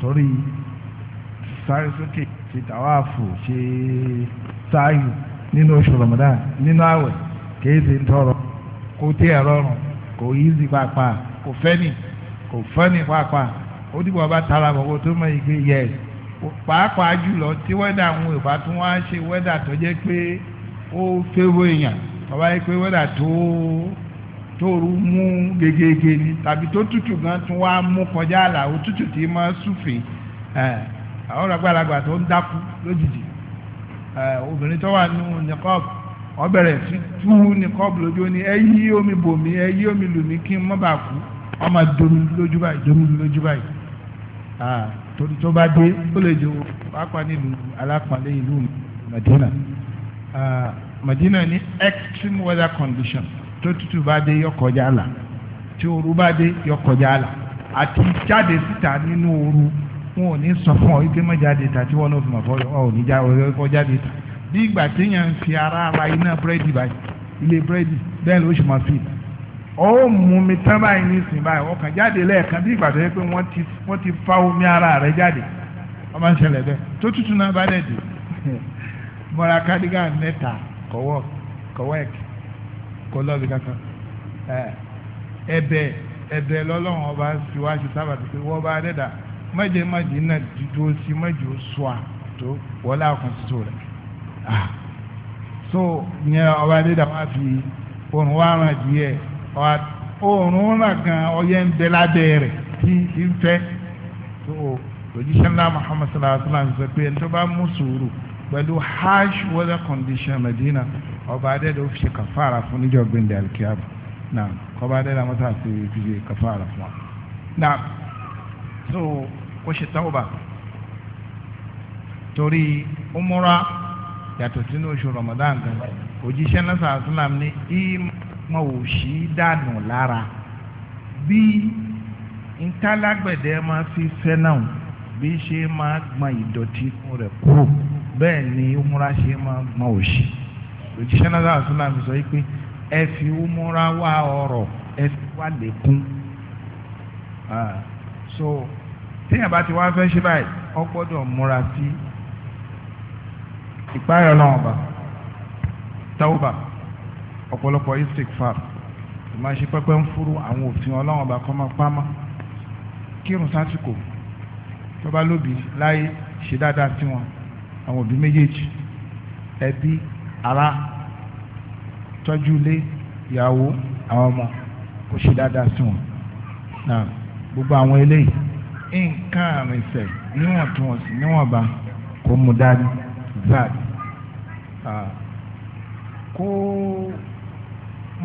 torí sáré sókè ṣe tàwáàfù ṣe sáàyù nínú oṣù Ramadan nínú àwẹ̀ kìí ṣe ń tọrọ kó tẹ ẹ̀rọ rùn kò yízi pàápàá kò fẹ́ni kò fẹ́ni pàápàá ó dìbò ọba tara bọ̀ tó mọ̀ yìí pé yẹ pàápàá jùlọ tí wẹ́dà àwọn ìbá tún wá ṣe wẹ́dà tó jẹ́ pé ó fẹ́ràn èèyàn bàbá yìí pé wẹ́dà tó tóoru mú gegege ni tàbí tó tútù gan tún wá mú kọjá àlà òtútù tí ma súfin àwọn àgbàlagbà tó ń dákú lójijì obìnrin tó wà nù nìkọ́b ọbẹ̀rẹ̀ tú nìkọ́b lójú ni ẹ yí omi bò mí ẹ yí omi lù mí kí n má bàa kú ọmọ domi lójú báyìí domi lójú báyìí torí tó bá dé ó lè jò pápá nílùú alápàlẹ́ ìlú Madina Madina ní extreme weather conditions tó tútù bá dé yọ kọjá àlà tí ooru bá dé yọ kọjá àlà àti jáde síta nínú ooru wọn ò ní sọ fún ọ ike mọ́jáde ta tí wọ́n náà fi mọ̀ fọ́ ọ ò ní já ọjáde ta bí ìgbà téèyàn ń fi ara ara iná búrẹ́dì báyìí ilé búrẹ́dì bẹ́ẹ̀ ló ṣe máa fi ó mú mi tán báyìí nísìnyí báyìí ọkàn jáde lẹ́ẹ̀kan bí ìgbà tó yẹ pé wọ́n ti wọ́n ti fa omi ara rẹ̀ jáde wọ́n máa ń ṣẹlẹ̀ bẹ́ẹ̀ tó tútù náà bá dẹ̀ dé *laughs* mọ́ra kádígà mẹ́ta kọ̀wọ́ kọ̀wọ́ ẹ̀kẹ́ kò kankan ẹ̀bẹ̀ ẹ̀bẹ̀ lọ́lọ́run ọba síwájú sábàbí pé wọ́n bá dẹ́dà mẹ́jẹ mẹ́jẹ náà dídú sí mẹ́jẹ ó sọ wọlé àkàn tó rẹ̀ so ìyẹn ọba dẹ́dà wá fi òrùn wá ràn díẹ̀ òrùn ràn gan ọyẹ́ ń bẹ lábẹ́ rẹ̀ tí ń fẹ́ so òjíṣẹ́ ńlá Muhammad sallallahu alayhi wa sallam sọ pé ẹni tó bá mú sùúrù pẹ̀lú harsh weather condition Medina ọba adẹ́dẹ́ ó fi ṣe kàfàrà fún níjọ́ gbẹ̀ndẹ̀ alikiyama náà kọba adẹ́dẹ́ amọ́tà àti fi ṣe kàfàrà fún wa. náà so kó ṣe tawba torí umura yàtọ̀ sínú oṣù Ramadan gan òjíṣẹ́ náà sàásùlám ní ìmọ̀ òṣì dànù lára bí ntálágbẹ̀dẹ máa fi fẹ́ náà bí ṣe máa gbọ̀n ìdọ̀tí rẹ̀ kúrò bẹ́ẹ̀ ni umura ṣe máa gbọ̀n òṣì òjíṣẹ́ náà sáà súnà mi sọ yìí pé ẹ fi umura wá ọrọ̀ ẹ fi wá lẹ́kún so téèyàn bá ti wá fẹ́ ṣe báyìí ọ gbọ́dọ̀ múra sí ìpáyọ̀ náà ọba tauba ọ̀pọ̀lọpọ̀ istikfar ìmọ̀ ṣe pẹ́pẹ́ ń fúrú àwọn òfin ọlọ́run ọba kọ́ máa pamọ́ kírun sásìkò tó lóbi láyé ṣe dáadáa sí wọn àwọn òbí méjèèjì ẹbí ara tọ́jú ilé ìyàwó àwọn ọmọ kó ṣe dáadáa sí wọn náà gbogbo àwọn eléyìí nǹkan àrìnsẹ̀ níwọ̀ntúnwọ̀nsì níwọ̀nba kó mu dání zad kó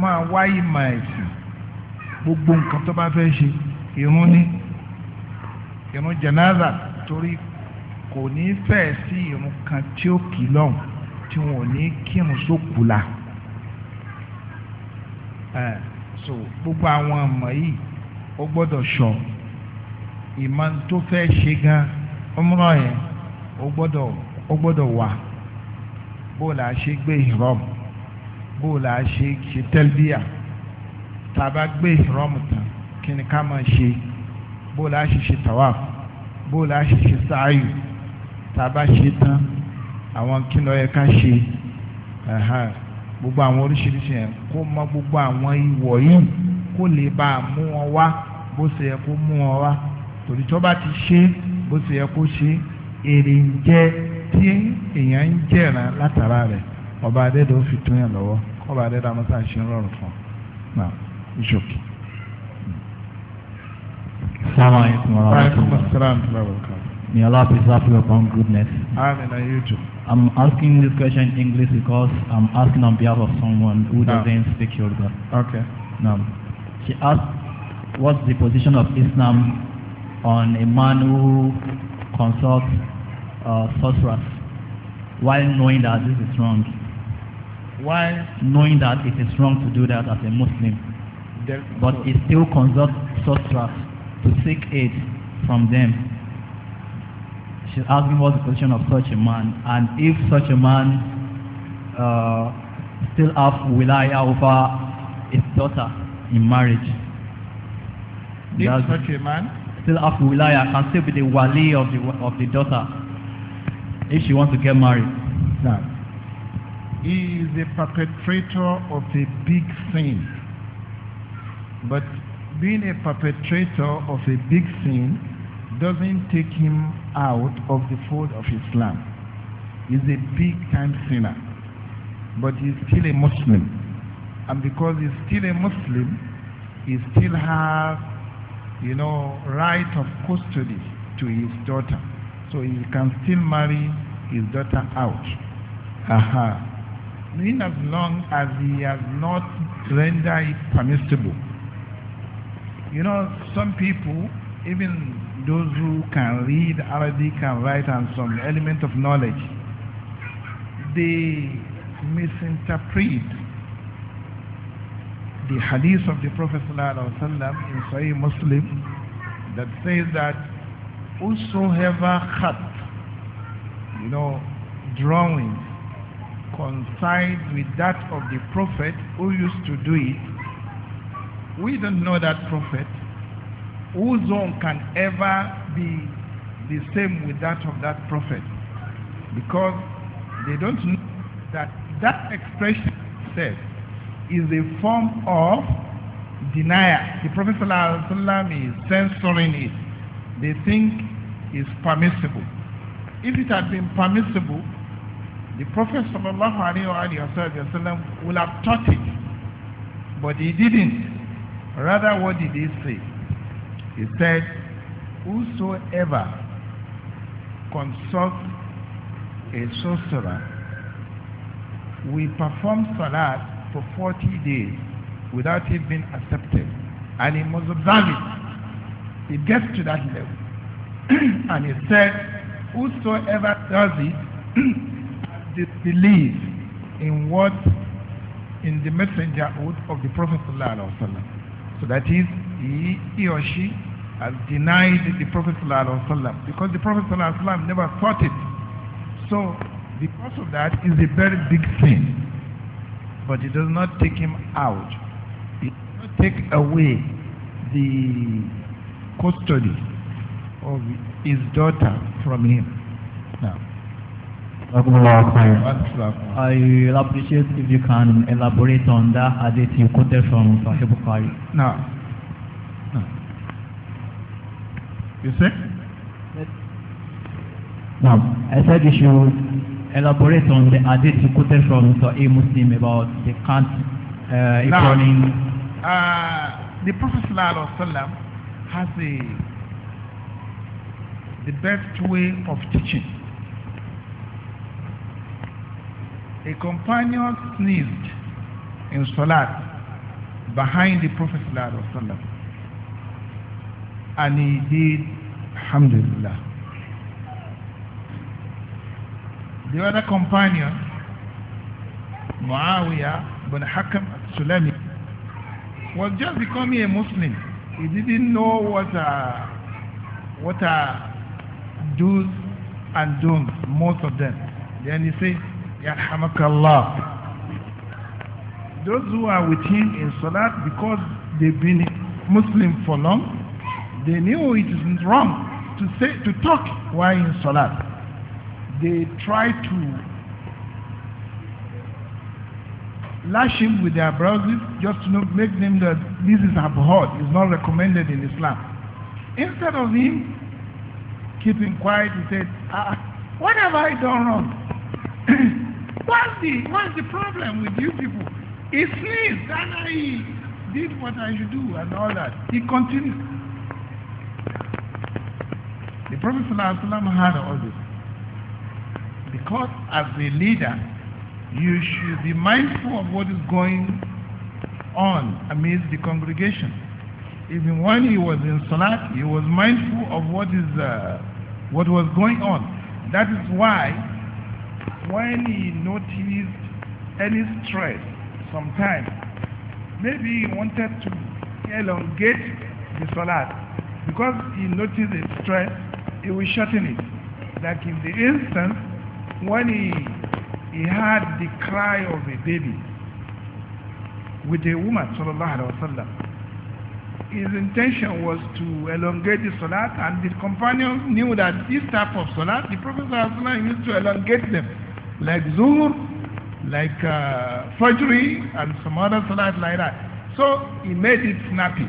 máa wáyé máa ẹ̀sìn gbogbo nǹkan tó bá fẹ́ ṣe irun ní irun jẹnáza torí kò ní fẹ́ sí irun kan tí ó kì í lọ́hùn tí wọn ò ní kírun sókù la ẹ so gbogbo àwọn ọmọ yìí ó gbọ́dọ̀ sọ ìmọ̀ tó fẹ́ ṣe gan ọmọ yẹn ó gbọ́dọ̀ ó gbọ́dọ̀ wà bó la ṣe gbé ìrọm bó la ṣe ṣe tẹlbíà tá a bá gbé ìrọm tán kí ni ká máa ṣe bó la ṣe ṣe tawaf bó la ṣe ṣe sáàyù tá a bá ṣe tán. àwọn kí ló ṣe gbogbo àwọn oríṣiríṣi ẹ̀ kó mọ gbogbo àwọn ìwọ̀ yìí kó lè bá a mú wọn wá bó ṣe yẹ kó mú wọn torí ti ṣe bó ṣe ṣe èrè jẹ tí èèyàn ń jẹ̀ràn látara ọba adédọ̀ fi tún yàn lọ́wọ́ ọba adédọ̀ ṣe ń rọrùn I'm asking this question in English because I'm asking on behalf of someone who no. Ah. doesn't speak Yoruba. Okay. No. She asked, what's the position of Islam on a man who consults uh, sorcerers while knowing that this is wrong? While knowing that it is wrong to do that as a Muslim, but he still consults sorcerers to seek aid from them she's asking what's the position of such a man and if such a man uh, still have wilaya over his daughter in marriage. If Does such a man still have wilaya can still be the wali of the of the daughter if she wants to get married. No. He is a perpetrator of a big sin. But being a perpetrator of a big sin doesn't take him out of the fold of Islam. He's a big time sinner, but he's still a Muslim. And because he's still a Muslim, he still has, you know, right of custody to his daughter. So he can still marry his daughter out. Aha. In as long as he has not rendered it permissible. You know, some people, even those who can read Arabic and write and some element of knowledge, they misinterpret the hadith of the Prophet ﷺ in Sahih Muslim that says that whosoever khat, you know, drawings coincides with that of the Prophet who used to do it, we don't know that Prophet whose own can ever be the same with that of that prophet because they don't know that that expression said is a form of denial. The Prophet ﷺ is censoring it. They think is permissible. If it had been permissible, the Prophet ﷺ would have taught it, but he didn't. Rather, what did he say? He said, Whosoever consults a sorcerer, we perform salat for forty days without it being accepted. And he must observe it. He gets to that level. *clears throat* and he said, Whosoever does it, *clears throat* disbelieves in what in the messenger of the Prophet. So that is he, he or she has denied the Prophet ﷺ because the Prophet ﷺ never thought it. So because of that is a very big thing, But it does not take him out. It does not take away the custody of his daughter from him. Now. I appreciate if you can elaborate on that hadith you quoted from Sahih Bukhari. Now, You see? Now, I said you should elaborate on the hadith you quoted from a Muslim about the can't uh, now, uh, the Prophet Sallallahu has a the best way of teaching. A companion sneezed in Salat behind the Prophet Sallallahu and he did Alhamdulillah. The other companion, Muawiyah bin Hakam Sulami, was just becoming a Muslim. He didn't know what are, uh, what are uh, do's and don'ts, most of them. Then he said, Yarhamakallah. Those who are with him in Salat, because they've been Muslim for long, they knew it is wrong to say to talk while in salat they try to lash him with their browses just to know, make them that this is abhorred It's not recommended in Islam instead of him keeping quiet he said ah, ah what have I done wrong *coughs* What's the what's the problem with you people? He sneezed and I did what I should do and all that. He continued. Prophet ﷺ had all this. Because as a leader, you should be mindful of what is going on amidst the congregation. Even when he was in Salat, he was mindful of what is uh, what was going on. That is why when he noticed any stress sometimes, maybe he wanted to elongate the Salat because he noticed the stress he will shorten it. Like in the instance when he, he had the cry of a baby with a woman, sallallahu alaihi wasallam. His intention was to elongate the salat, and the companions knew that this type of salat, the Prophet sallallahu used to elongate them, like zuhr, like uh, fajri, and some other salat like that. So he made it snappy.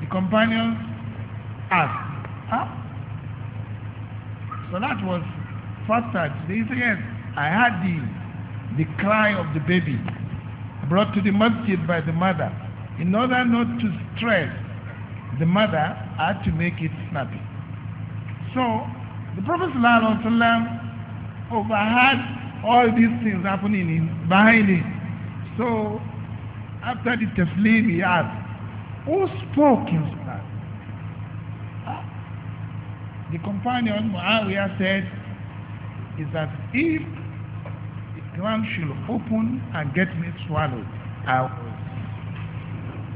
The companions asked, huh? So that was flustered. They said, yes, I had the, the cry of the baby brought to the masjid by the mother. In order not to stress the mother, had to make it snappy. So the Prophet ﷺ overheard all these things happening in, behind him. So after the taflim, he asked, who spoke in The companion Muawiyah said is that if the ground should open and get me swallowed, I,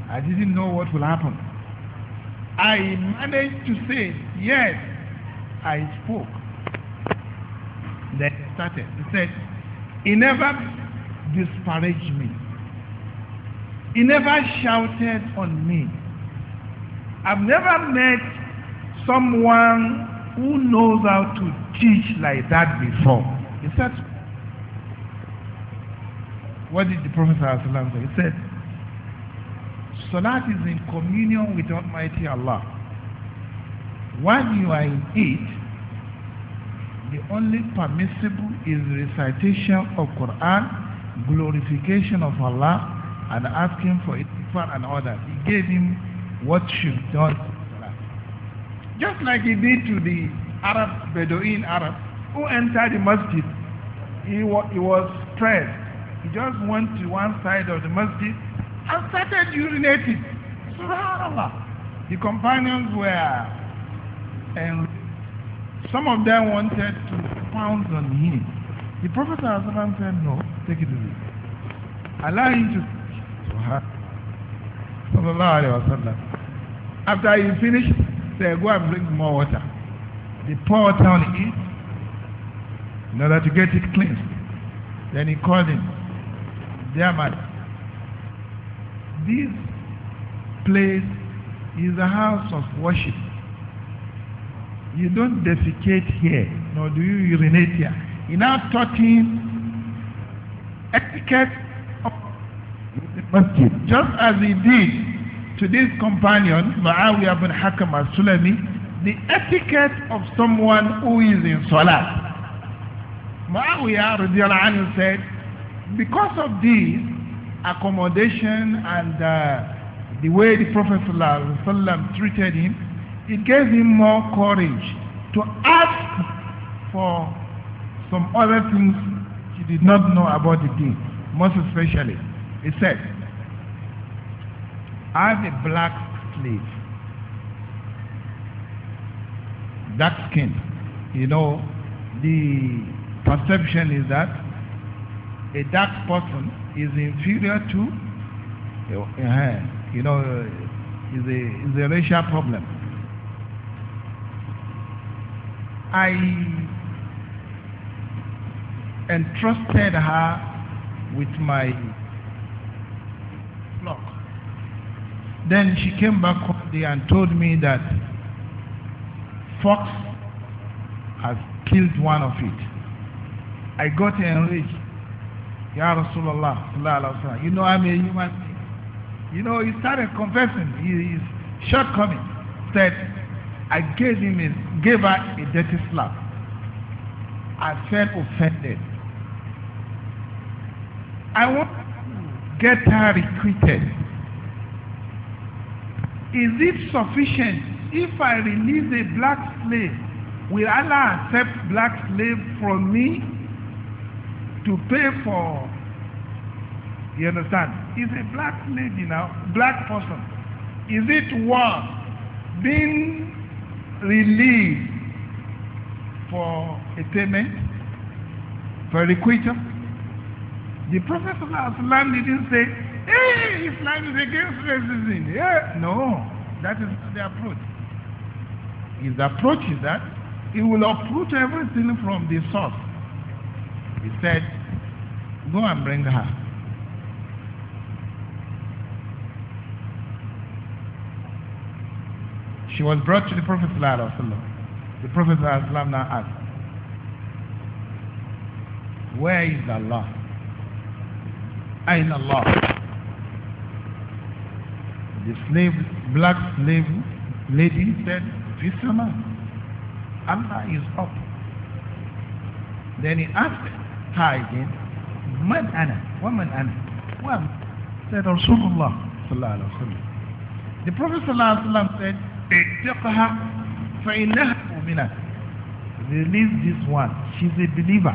I didn't know what will happen. I managed to say, yes, I spoke. Then he started. He said, he never disparaged me. He never shouted on me. I've never met someone who knows how to teach like that before. He said, what did the Prophet say? He said, Salat is in communion with Almighty Allah. When you are in it, the only permissible is recitation of Quran, glorification of Allah, and asking for it and all that. He gave him what should done Just like he did to the Arab, Bedouin Arab, who entered the masjid. He, was he was stressed. He just went to one side of the masjid and started urinating. Subhanallah. The companions were, and some of them wanted to pounce on him. The Prophet said, No, take it easy. Allow him to. Subhanallah. After he finished, say, go and bring more water. They pour water on it in order to get it clean. Then he called him, dear man, this place is a house of worship. You don't defecate here, nor do you urinate here. He now taught him etiquette of the masjid, just as he did to this companion, Muawiyah bin Hakam al-Sulami, the etiquette of someone who is in Salat. Muawiyah radiallahu anhu said, because of this accommodation and uh, the way the Prophet ﷺ treated him, it gave him more courage to ask for some other things he did not know about the deen, most especially. He said, have a black slave, dark skin, you know, the perception is that a dark person is inferior to, uh-huh, you know, uh, is a, is a racial problem. I entrusted her with my Then she came back one day and told me that fox has killed one of it. I got enraged. Ya Rasulullah, you know I'm a human being. You know, he started confessing his shortcoming. Said, I gave him a, gave her a dirty slap. I felt offended. I want to get her recruited. Is it sufficient if I release a black slave? Will Allah accept black slave from me to pay for? You understand? Is a black lady now, black person. Is it worth being released for a payment, for a requital? The Prophet of didn't say Hey, Islam is against racism. Yeah, no, that is not the approach. His approach is that he will uproot everything from the source. He said, go and bring her. She was brought to the Prophet The Prophet now asked, Where is Allah? Ain Allah the slave, black slave lady said, Fisherman, Allah is up. Then he asked her again, Man Anna? Woman Anna?" Well, said Rasulullah sallallahu alayhi wa sallam. The Prophet sallallahu alayhi wa sallam said, Ittiqha fa'innaha Release this one. She's a believer.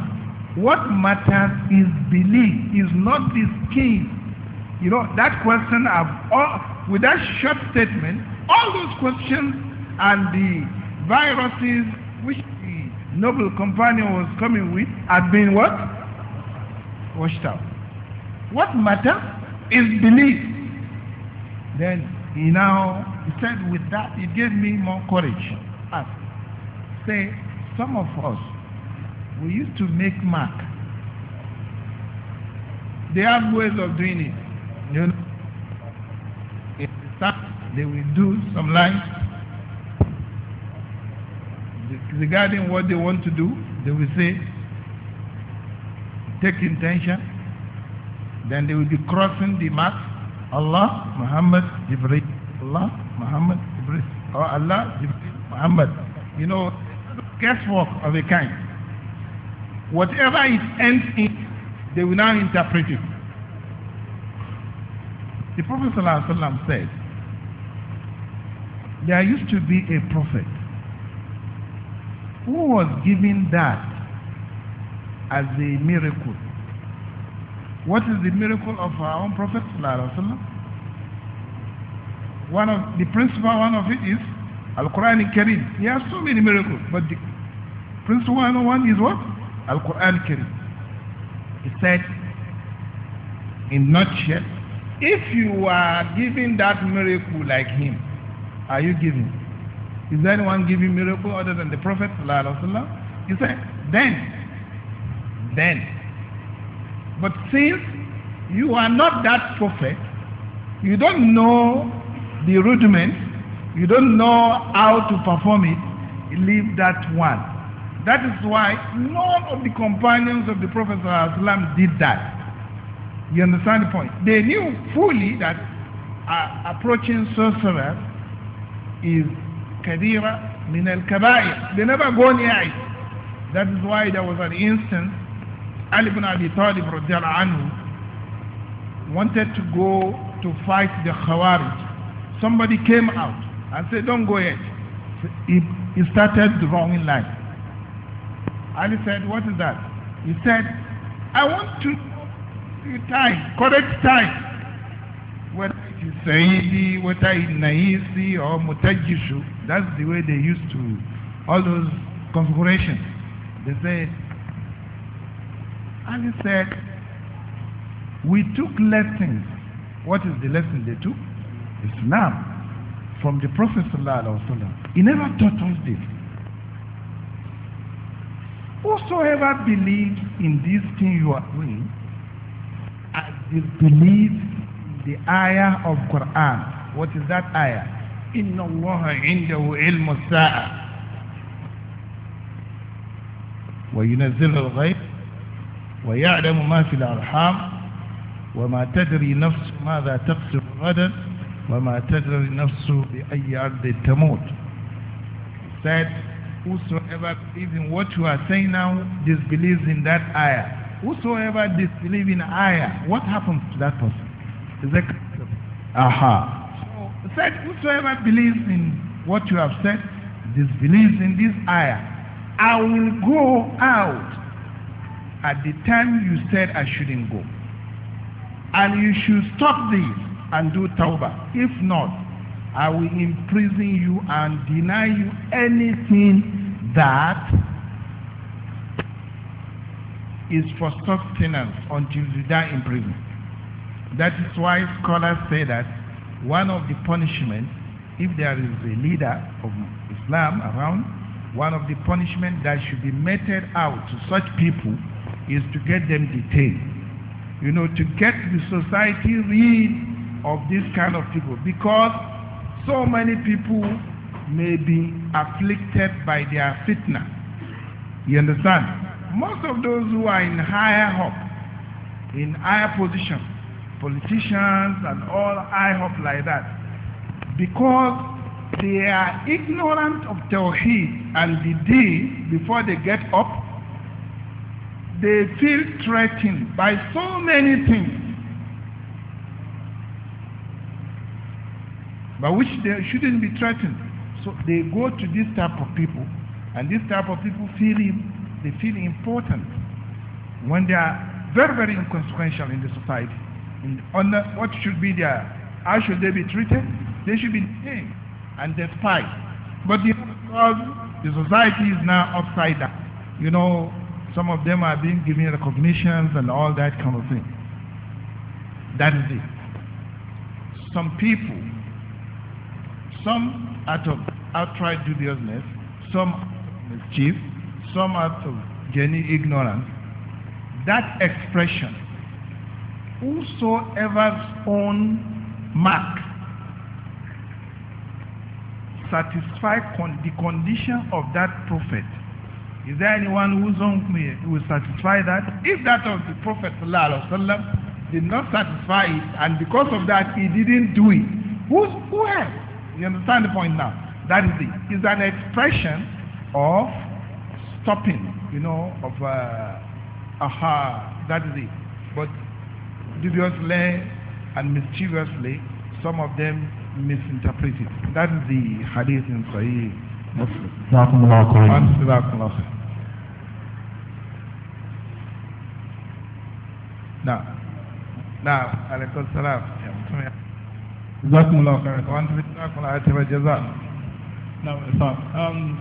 What matters is belief, is not this skin. You know, that question I've all, with that short statement, all those questions and the viruses which the noble companion was coming with had been what? Washed out. What matter is belief. Then he now he said, with that, it gave me more courage. As ah, say, some of us, we used to make mark. They have ways of doing it. You know? start, they will do some lines. Regarding what they want to do, they will say, take intention. Then they will be crossing the mark. Allah, Muhammad, Jibreel. Allah, Muhammad, Jibreel. Or Allah, Muhammad. You know, guesswork of a kind. Whatever it ends in, they will now interpret it. The Prophet ﷺ said, There used to be a prophet who was given that as a miracle. What is the miracle of our own prophet? One of the principal one of it is Al-Quran Karim. He has so many miracles, but the principal one is what? Al-Quran Karim. He said, in nutshell, if you are giving that miracle like him, are you giving? Is there anyone giving miracle other than the Prophet? He said, then, then. But since you are not that prophet, you don't know the rudiments, you don't know how to perform it, leave that one. That is why none of the companions of the Prophet ﷺ did that. You understand the point? They knew fully that uh, approaching sorcerer is kabira min al kaba'ir. They never go near it. That is why there was an instance Ali ibn Abi Talib anhu wanted to go to fight the Khawarij. Somebody came out and said, don't go yet. So he, he started drawing wrong line. Ali said, what is that? He said, I want to time, correct time. When Saidi, whether in Naisi or Mutajishu. That's the way they used to, all those configurations. They said, and he said, we took lessons. What is the lesson they took? Islam from the Prophet ﷺ. He never taught us this. Whosoever believes in this thing you are doing, I believe the ayah of Quran. What is that ayah? Inna Allah indahu ilmu sa'a. وينزل الغيب ويعلم Wa في الأرحام وما تدري نفس ماذا wa ma tadri تدري bi بأي أرض tamut. said whosoever believes in what you are saying now disbelieves in that ayah whosoever disbelieves in ayah what happens to that person Zek aha. So said, whosoever believes in what you have said, disbelieves in this ayah, I will go out at the time you said I shouldn't go. And you should stop this and do tawbah. If not, I will imprison you and deny you anything that is for sustenance until you die in prison. That is why scholars say that one of the punishments, if there is a leader of Islam around, one of the punishments that should be meted out to such people is to get them detained. You know, to get the society rid of this kind of people because so many people may be afflicted by their fitna. You understand? Most of those who are in higher up, in higher position, politicians and all high up like that because they are ignorant of Tawheed and the deen before they get up they feel threatened by so many things by which they shouldn't be threatened so they go to this type of people and this type of people feel they feel important when they are very very inconsequential in the society on what should be their, how should they be treated? They should be seen and despised. But you know, because the society is now upside down, you know, some of them are being given recognitions and all that kind of thing. That is it. Some people, some out of outright dubiousness, some mischief, some out of genuine ignorance, that expression whosoever's own mark satisfy con the condition of that prophet is there anyone whose own will satisfy that if that of the prophet sallallahu alaihi wasallam did not satisfy it and because of that he didn't do it who's who else you understand the point now that is it it's an expression of stopping you know of uh, aha that is it but dubiously and mischievously, some of them misinterpreted. That is the hadith in Sahih Muslim. Now, now, Alaykum salam. جزاكم الله خيرا وانتم جزاكم الله خير jaza. Now, نعم um,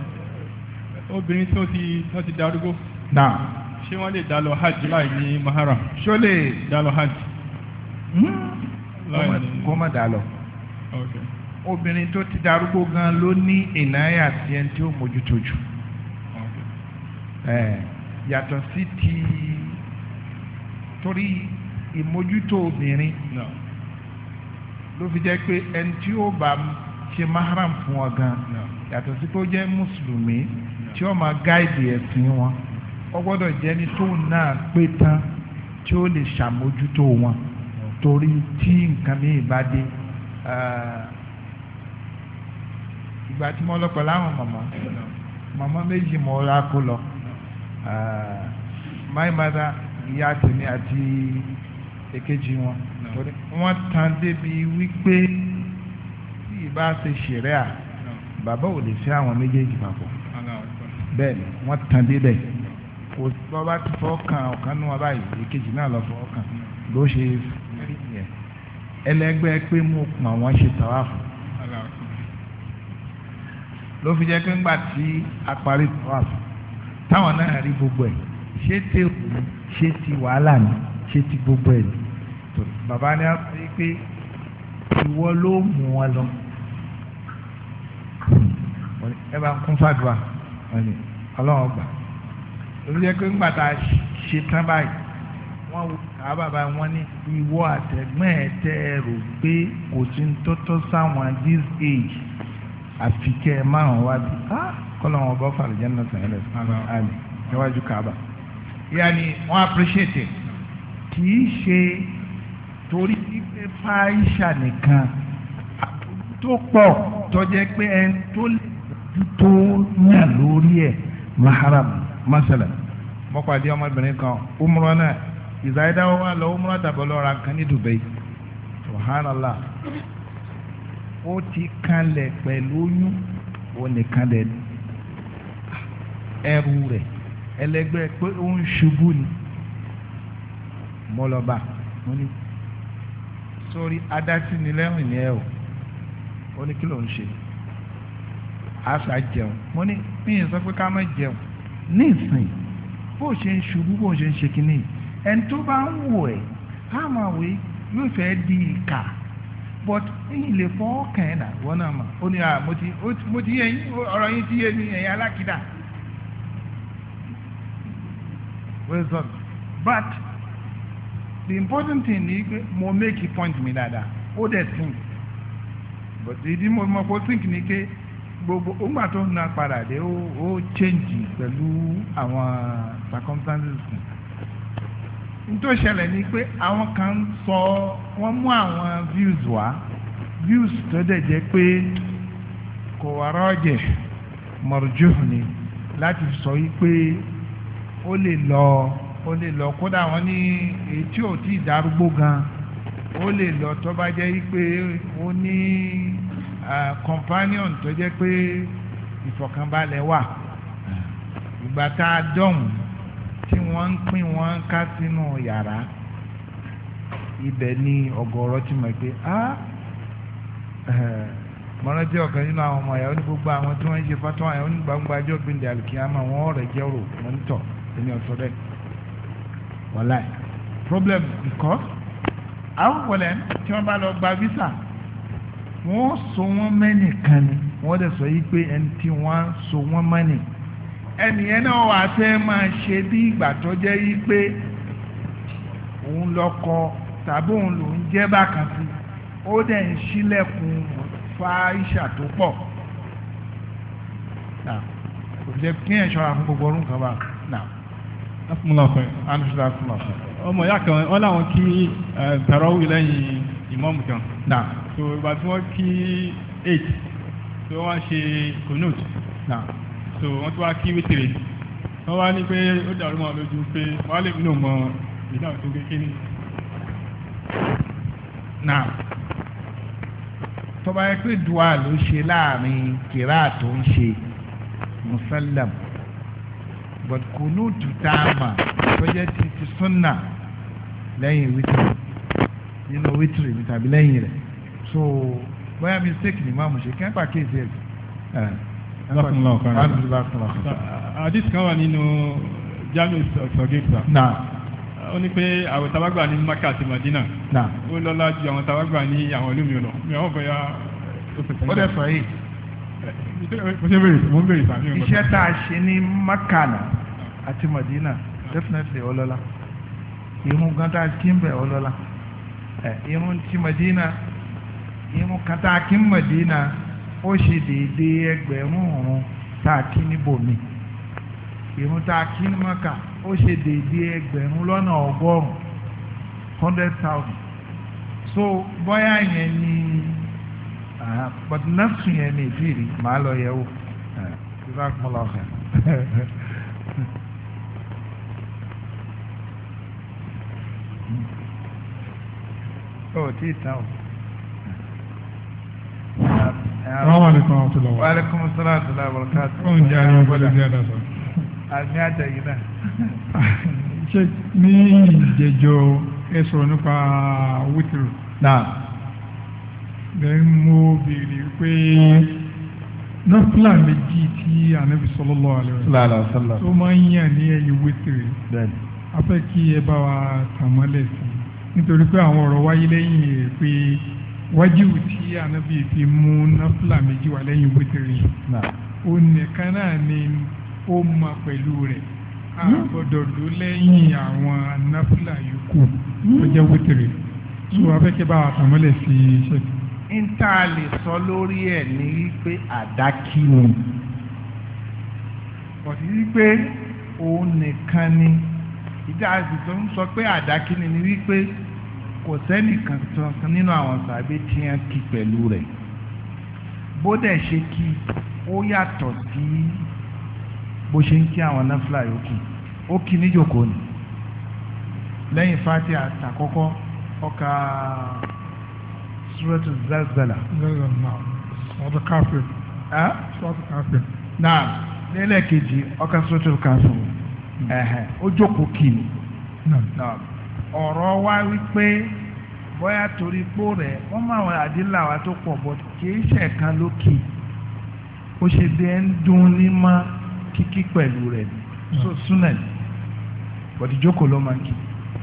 obìnrin tó ti tó ti darúgbó. náà. ṣé wọ́n lè dá lọ hajj láì ní mahara. ṣó lè. dá lọ hajj. Hmm? kó má dà lọ obìnrin tó ti darúgbó gan ló ní ìnáyà tí ẹni tí ó mójútó jù yàtọ̀ sí ti torí ìmójútó obìnrin ló fi jẹ́ pé ẹni tí ó bá ṣe mahram fún wọn gan yàtọ̀ sí pé ó jẹ́ mùsùlùmí tí ó máa gáìdì ẹ̀sìn wọn ó gbọ́dọ̀ jẹ́ ní tóun náà pé tán tí ó lè ṣàmójútó wọn. torí tí nǹkan mìíràn bá dé ìgbà tí mo lọ pẹ̀lú àwọn mọ̀mọ́ mọ̀mọ́ méjì mo ra kó lọ my mother ìyá tèmi àti èkejì wọn wọ́n tan débi wípé tí ìbá ṣe ṣeré à bàbá ò lè fẹ́ àwọn méjèèjì papọ̀ bẹ́ẹ̀ ni wọ́n tan débẹ̀ kò bọ́ bá ti fọ́ kan ọ̀kan ní wọn báyìí èkejì náà lọ fọ́ kan ló ṣe ẹlẹgbẹ́ pé mo pọ̀ wọ́n ṣe tàwáfù ló fi jẹ́ pé ńgbà tí a parí tàwáfù táwọn náà rí gbogbo ẹ̀ ṣé tèèpù ni ṣé ti wàhálà ni ṣé ti gbogbo ẹ̀ ni bàbá ni a rí pé ìwọ ló mú wọn lọ ẹ bá ń kún fàdùà ọlọ́run gbà ló fi jẹ́ pé ńgbà tá a ṣe tán báyìí wọ́n wò àwọn bàbá wọn ní ìwọ àtẹ̀gbọ́n ẹ̀ tẹ́ ẹ rò pé kò sí ń tọ́tọ́ sáwọn this age àfi kẹ́ ẹ máa wá bí ah, kọ́lọ́ wọn bọ́ fàlùjẹ́ náà sàn ẹ̀ àmì níwájú kaaba yàní wọ́n appreciate kì í ṣe torí pé fáìṣà nìkan tó pọ̀ tọ́jẹ́ pé ẹni tó lè tó yàn lórí ẹ̀ maharam masala mo pàdé ọmọbìnrin kan umrana ìzáyídá wa lọ múra tàbí ọlọ́ra kan ní Dubai subhanallah ó ti kanlẹ̀ pẹ̀lú oyún ó ní kanlẹ̀ ẹrù rẹ̀ ẹlẹgbẹ́ pé ó ń ṣubú ni mọ́lọ́ba mo ní sórí adásí ni lẹ́rìn ni ẹ o ó ní kí ló ń ṣe àṣà jẹun mo ní mi ì sọ pé ká má jẹun ní ìsìn bó ṣe ń ṣubú bó ṣe ń ṣe kínní yìí ẹni tó bá ń wò ẹ́ á máa wí yóò fẹ́ di ìkà but ẹ̀yin lè fọ́ ọkàn ẹ̀ náà wọ́n náà mà ó ní à mo ti mo ti yẹ yín ọ̀rọ̀ yín ti yé mi ẹ̀yin alákìdá well done but the important thing ni pé mo make a point mi dáadáa ó dẹ̀ sink but ìdí mo mọ̀ pé think ni pé gbogbo ògbà tó ń na padà dé ó change pẹ̀lú àwọn circumstances kan nítorí ṣẹlẹ̀ ni pé àwọn kan sọ wọ́n mú àwọn views wá views tó dẹ̀ jẹ́ pé kò wá rọ́ọ̀jẹ̀ mọ̀rọ̀jùhùn ni láti sọ yìí pé ó lè lọ ó lè lọ kódà wọ́n ní èyí ò tí ì darúgbó gan ó lè lọ tó bá jẹ́ yìí pé ó ní companion tó jẹ́ pé ìfọ̀kànbalẹ̀ wà ìgbà tá a dọ̀hùn tí wọ́n ń pín wọn ká sínú yàrá ibẹ̀ ni ọ̀gọ̀rọ̀ ti mọ̀ pé a mọ̀rán jẹ́ ọ̀kan nínú àwọn ọmọ ẹ̀yà ní gbogbo àwọn tí wọ́n ń ṣe fátọ́ àyà ní gbangba ẹjọ́ gbẹ̀ndẹ̀ àlùkìyàmà wọn ọ̀rẹ́ jẹ́ rò wọ́n ń tọ̀ ẹni ọ̀sọ́ bẹ́ẹ̀ wọ́lá ẹ̀ problem because àwọn wọlé tí wọ́n bá lọ gba visa wọ́n so wọ́n mẹ́nìkan ni wọ́n dẹ̀ sọ yí pé ẹni tí wọ́n so wọ́n mẹ́nìkan ẹnìyẹn náà wà fẹ́ máa ṣe bí ìgbà tó jẹ́ yí pé òun lọ́kọ tàbí òun lòún jẹ́ bákan sí ó dẹ̀ ń ṣílẹ̀kùn fáìṣà tó pọ̀ kò jẹ́ kí ẹ̀ ṣọ́ra fún gbogbo orun kan bá nà. akumulafẹ anusuda ọmọ ya kan ọ làwọn kí tarawih lẹ́yìn ìmọ̀mù kan. nà. so ìgbà tí wọ́n kí eight tí wọ́n ṣe kunut. nà so wọ́n tún wá kí wítìrì wọ́n wá ní pé ó dàrú mọ́ lójú pé wọ́n á lè mí nù mọ́ ìdáhùn tó kékeré náà tọ́ba yẹ pé dùá ló ṣe láàrin kìrá tó ń ṣe musallam but kunutu taama tọ́jẹ́ ti ti sunna lẹ́yìn wítìrì nínú wítìrì mi tàbí lẹ́yìn rẹ̀ so bóyá mistake ni máa mú ṣe kẹ́ńpà kéèsì ẹ̀ àdìs kan wà nínú jamiu sọgẹ́tà. ó ní pé àwọn tabagbà ní maka àti madina. ó lọ́lá ju àwọn tabagbà ní àwọn olómi lọ. mi àwọn bọ̀yà ó fẹsẹ̀ yìí. ó dẹ̀ sọ yìí. mo ṣe bèrè mo ń bèrè sàmì ọgbà. iṣẹ́ tá a ṣe ní maka àti madina definitely ọlọ́lá irun kan tá a kí ń bẹ̀ ọlọ́lá irun ti madina irun kan tá a kí ń madina ó ṣe déédéé ẹgbẹ̀rún ọ̀run tá a kí níbòmí ìrun tá a kí ní mọ́kà ó ṣe déédéé ẹgbẹ̀rún lọ́nà ọgọ́rùn-ún hundred thousand so bọ́yá yẹn ni ah, but nafsu yẹn ni ìfìrí màá lọ yẹ wò ìfàkùnmọ́lá *laughs* hmm. ọ̀hẹ́. Oh, tí ì tán Assalamualaikum warahmatullahi wabarakatuh. Waalaikumsalam warahmatullahi wabarakatuh. Ó ń الله àyè ìgbọ́dọ̀ sí àdàsọ. Àmì àtẹ̀yìn náà. Ṣé ní ìjẹjọ ẹ sọ̀rọ̀ nípa wítìrì? Náà. Bẹ́ẹ̀ mo béèrè pé nọ́fìlà méjì tí ànábì sallallahu alaihi wasallam tó máa ń yàn ní ẹ̀yìn wítìrì. A fẹ́ kí ẹ bá wa tàmọ́lẹ̀ sí i nítorí pé àwọn ọ̀rọ̀ wáyé lẹ́yìn wájú tí ànábì fi mú náfìlà méjì wà lẹ́yìn wítìrì ó nìkan náà ni ó mọ pẹ̀lú rẹ̀ a hmm? gbọ́dọ̀ ló lẹ́yìn àwọn náfìlà yòókù hmm? tó jẹ́ wítìrì tó hmm? abẹ́kẹ́ bá wà tàmọ́lẹ̀ sí iṣẹ́. ń tá a lè sọ lórí ẹ̀ ní wípé àdákì ni ọ̀dí wípé òun nìkan ni ìdá àti tó ń sọ pé àdákì ni ni wípé. kò sẹ́nìkan tán nínú àwọn sàbí tí wọ́n kí pẹ̀lú rẹ̀ bó dẹ̀ ṣe kí ó yàtọ̀ sí bó ṣe ń kí àwọn náfìlà yòókù ó kí níjòkó ni lẹ́yìn fati àtàkọ́kọ́ ọkà suratu zalzala. suratu kafir. ọkà hmm. ó jókòó kí ni. kọ́ wá wípé bóyá torí pò rẹ̀ wọ́n mọ wọn wa tó pọ̀ bọ̀ kìí ṣẹ̀kan lókè ó ṣe bí ń dún ní kíkí pẹ̀lú rẹ̀ so hmm. súnà ní jókòó ló máa ń kí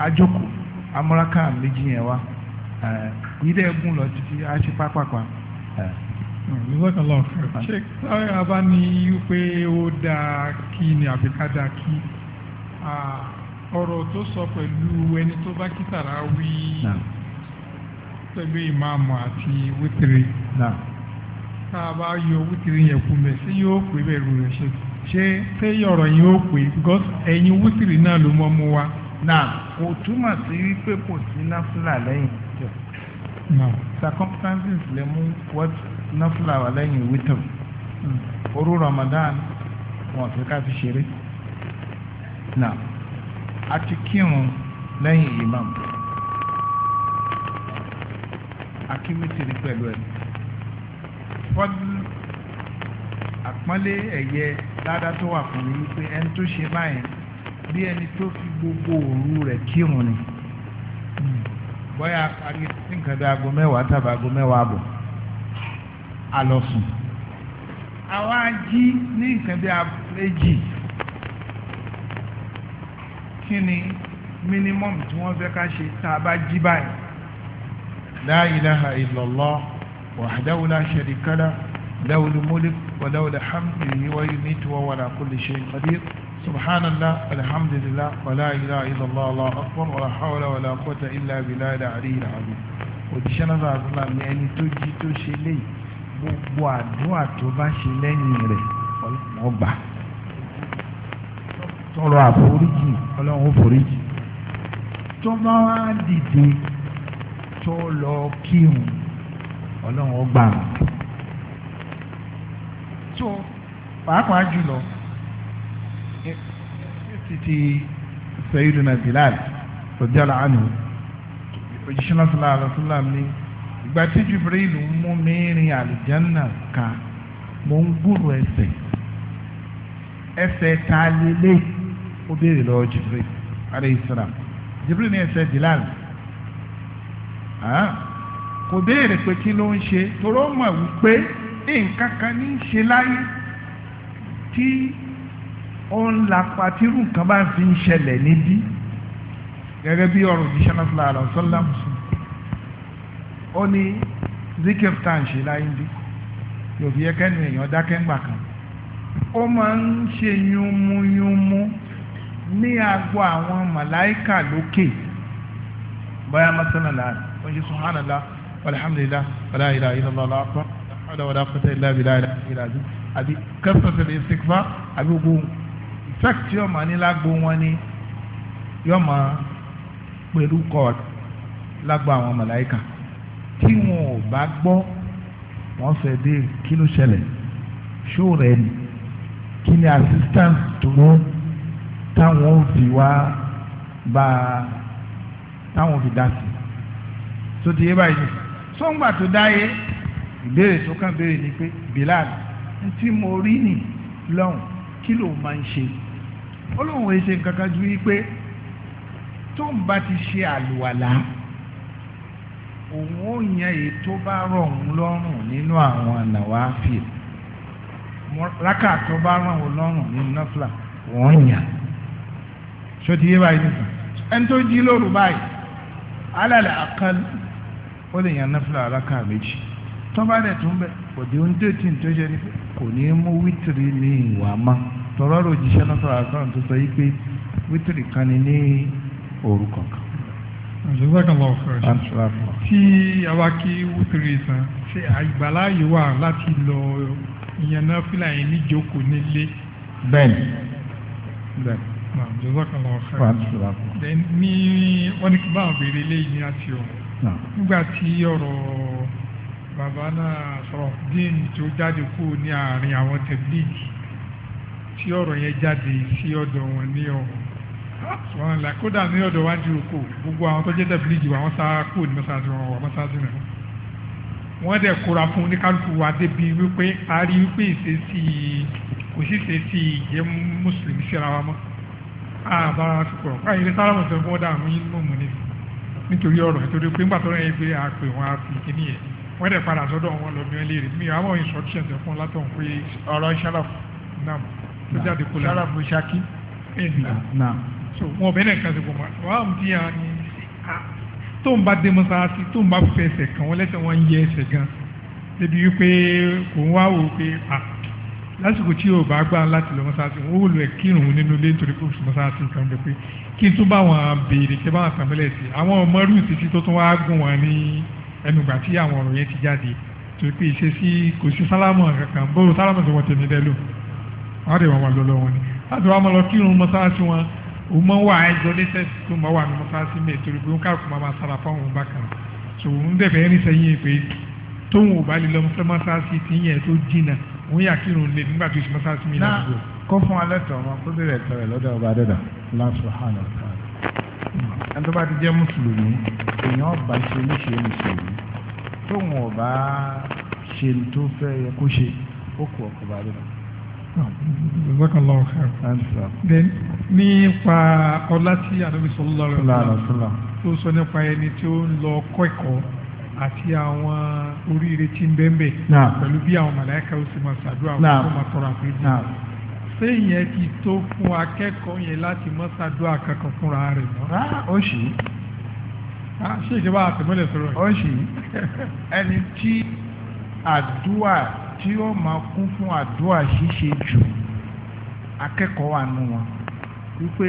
ajókòó méjì yẹn wá lọ títí a ṣe abá hmm, ní wípé ó dáa kí ni àbíká dáa kí. ọ̀rọ̀ tó sọ pẹ̀lú ẹni tó bá kí tàràwí pẹ̀lú ìmáàmù àti wítìrì tá a bá yọ wítìrì yẹn kú mẹ́ sí yóò pè bẹ̀rù rẹ̀ ṣe ṣé ṣé ọ̀rọ̀ yẹn ó pè because ẹ̀yin wítìrì náà ló mọ́ mú wa. náà kò túmọ̀ sí wípé kò sí náfúlà lẹ́yìn ìjọ circumstances lè mú what náfúlà wà lẹ́yìn wítìrì òru hmm. Ramadan wọn fi ká fi ṣeré. náà àti kírun lẹ́yìn imam akíwítìrì pẹ̀lú ẹ̀ fọ́dún àpọ́nlé ẹ̀yẹ dáadáa tó wà fún mi wípé ẹni tó ṣe báyìí bí ẹni tó fi gbogbo òru rẹ̀ kírun ni bóyá parí sí nǹkan bí aago mẹ́wàá tàbí aago mẹ́wàá àbọ̀ a lọ sùn àwa jí ní nǹkan bí aago méjì kí ni minimum tí wọ́n fẹ́ ká ṣe tá a bá jí báyìí. la ilaha illallah wahdahu la sharika lah lawul mulk wa lawul hamdu yuhyi wa yumiitu wa huwa ala kulli shay'in qadir subhanallah alhamdulillah wa la ilaha illallah allahu akbar wa la hawla wa la quwwata illa billahi al òjíṣẹ́ náà sàrà ní ẹni tó jí tó ṣe léyìí tọrọ àforíjì ọlọ́run ó foríjì tó bá wá dìde tó lọ kírun ọlọ́run ó gbà á tó pàápàá jùlọ títí sayyidina Bilal radiyallahu anhu òjíṣẹ́ náà sallallahu alaihi wasallam ní ìgbà tí Jibril mú mi rin àlùjànnà ká mo ń gbúrò ẹsẹ̀ ẹsẹ̀ ta lélẹ́yìí ó béèrè lọ́wọ́ jibril alayhi salam jibril ní ẹsẹ̀ bilal kò béèrè pé kí ló ń ṣe toró mọ̀ wípé nǹkan kan ní í ṣe láyé tí ó ń lapa tírú nǹkan bá fi ń ṣẹlẹ̀ níbí gẹ́gẹ́ bí ọ̀rọ̀ òjíṣẹ́ náà sallallahu alaihi wasallam ó ní zikir ń ṣe láyé bí yòòfi yẹ kẹ́nu èèyàn dákẹ́ ńgbà kan ó máa ń ṣe yúnmúyúnmú ní agbo àwọn màláìkà lókè báyà masana la wọ́n ṣe subhanallah walhamdulillah wàlá ilaha illallah akbar wàlá wàlá quwwata illa billah ìlà àbí àbí kẹsàn-án istighfar àbí gbogbo effect yóò máa ní lágbo wọn ni yóò máa pẹ̀lú kọ́ọ̀dù lágbo àwọn màláìkà tí wọn ò bá gbọ́ wọ́n fẹ́ dé kí ló ṣẹlẹ̀ ṣó rẹ̀ ni kí ni assistance tó lọ́wọ́ táwọn ò fi wá bá a táwọn ò fi dá sí tó ti yé báyìí sóńgbà tó dáyé ìbéèrè tó kàn béèrè ni pé Bilal tí mo rí nì lọ́hùn kí ló máa ń ṣe ó lóun èsè nǹkan kan ju wípé tóun bá ti ṣe àlùwàlá òun ó yan èyí tó bá rọ̀ òun lọ́rùn nínú àwọn nàwáfíà rákà tó bá rọ̀ òun lọ́rùn nínú náfìlà òun yàn ṣó ti yé báyìí nìkan ẹni tó jí lóru báyìí alàlẹ́ àkàlù ó lè yan náfìlà alákà méjì tó bá dẹ̀ tún bẹ̀ òde ohun tó tì tó ṣe ni kò ní mú wítìrì ní ìwà má tọrọ rò jíṣẹ́ náà sọ̀rọ̀ àtọ́run tó sọ yí pé wítìrì kan ni ní òru kankan. àjọsọ́kànlọ́ ọ̀fẹ́ tí àwa kí wítìrì tán ṣe àgbàláyé wà láti lọ yan náfìlà níjókòó nílé. bẹ́ẹ̀ni bẹ́ẹ̀ni ní wọ́n ní bá òbèrè léyìn ní àti ọ̀rọ̀ nígbà tí ọ̀rọ̀ bàbá náà sọ̀rọ̀ díìnì tó jáde kú ní àárín àwọn tẹ̀blíìgì tí ọ̀rọ̀ yẹn jáde sí ọ̀dọ̀ wọn ní ọ̀rọ̀ wọn là kódà ní ọ̀dọ̀ wá di oko gbogbo àwọn tó jẹ́ tẹ̀blíìgì wa wọ́n sá kú ní mọ́sáàsì wọn wà mọ́sáàsì náà wọ́n dẹ̀ kóra fún oníkálukú wa débi wípé a rí wípé ìṣesí kò sí ìṣesí ìjẹ́ mùsùlùmí síra wa mọ́ àbára ah, púpọ̀ káyọ̀ ilé sálámù sọ fún ọ̀dà àwọn yín mọ̀mọ́ ni nítorí ọ̀rọ̀ nítorí pé ńgbà tó rẹ̀ pé a pè wọ́n a fi kíní yẹn wọ́n dẹ̀ padà sọ́dọ̀ wọn lọ bí wọ́n léèrè mi àwọn instructions fún látọ̀ pé ọ̀rọ̀ sharaf nam tó jáde kó la sharaf shaki so wọn bẹ́ẹ̀ nìkan ṣe gbọmọ wàá mú ti yàn ni tó ń bá dé mọ́sáàsì tó ń bá fẹsẹ̀ kàn lásìkò tí yóò bá gbà láti lọ mọ́sáàsì wọn ó lọ ẹ̀ kírun nínú ilé nítorí kò sí mọ́sáàsì kan bẹ pé kí n tún bá wọn béèrè kí n bá wọn tàmílẹ̀ sí àwọn ọmọ rú títí tó tún wá gùn wọn ní ẹnugbà tí àwọn ọ̀rọ̀ yẹn ti jáde torí pé ìṣesí kò sí sálámọ̀ kankan bó sálámọ̀ tó wọ́n tẹ̀mí dẹ́ lò wọ́n dẹ̀ wọ́n wà lọ́lọ́ wọn ni láti wá mọ́ lọ kírun mọ́sáàsì wọn o mọ wà isolated tó mọ wà ní mọ́sáàsì mi bá lè lọ mọ́sáàsì tí yẹn tó jìnnà wọ́n yà kí irun lè nígbà tó ṣe mọ́sáàsì mi náà. kó fún alẹ́ tọ̀ wọn kó bẹ̀rẹ̀ tọ̀ rẹ̀ lọ́dọ̀ ọba dẹ́dà láṣọ hàn ọ̀tá ẹni tó bá ti jẹ́ mùsùlùmí èèyàn ọba ṣe níṣe mùsùlùmí tóun ọba ṣe tó fẹ́ yẹ kó ṣe ó kú ọkọ̀ ọba dẹ́dà. Jazakallahu khair. Then nípa ọlá tí Ànábì sallallahu alaihi wasallam sọ nípa ẹni tí ó ń lọ kọ́ ẹ̀kọ́ àti àwọn oríire tí ń bẹ́ẹ̀ bẹ́ẹ̀ pẹ̀lú bí àwọn màláíkà ó sì máa ṣàdúrà fún ọmọ tọrọ àpéjì ṣé ìyẹn ti tó fún akẹ́kọ̀ọ́ yẹn láti mọ́ ṣàdúrà kankan fúnra rẹ̀ mọ́. ó ṣì í. ṣé ìjọba àtẹ̀mọ́lẹ̀ sọ̀rọ̀ yìí. ó ṣì í. *laughs* ẹni tí àdúà tí ó máa kún fún àdúà ṣíṣe jù akẹ́kọ̀ọ́ wà nù wọn wípé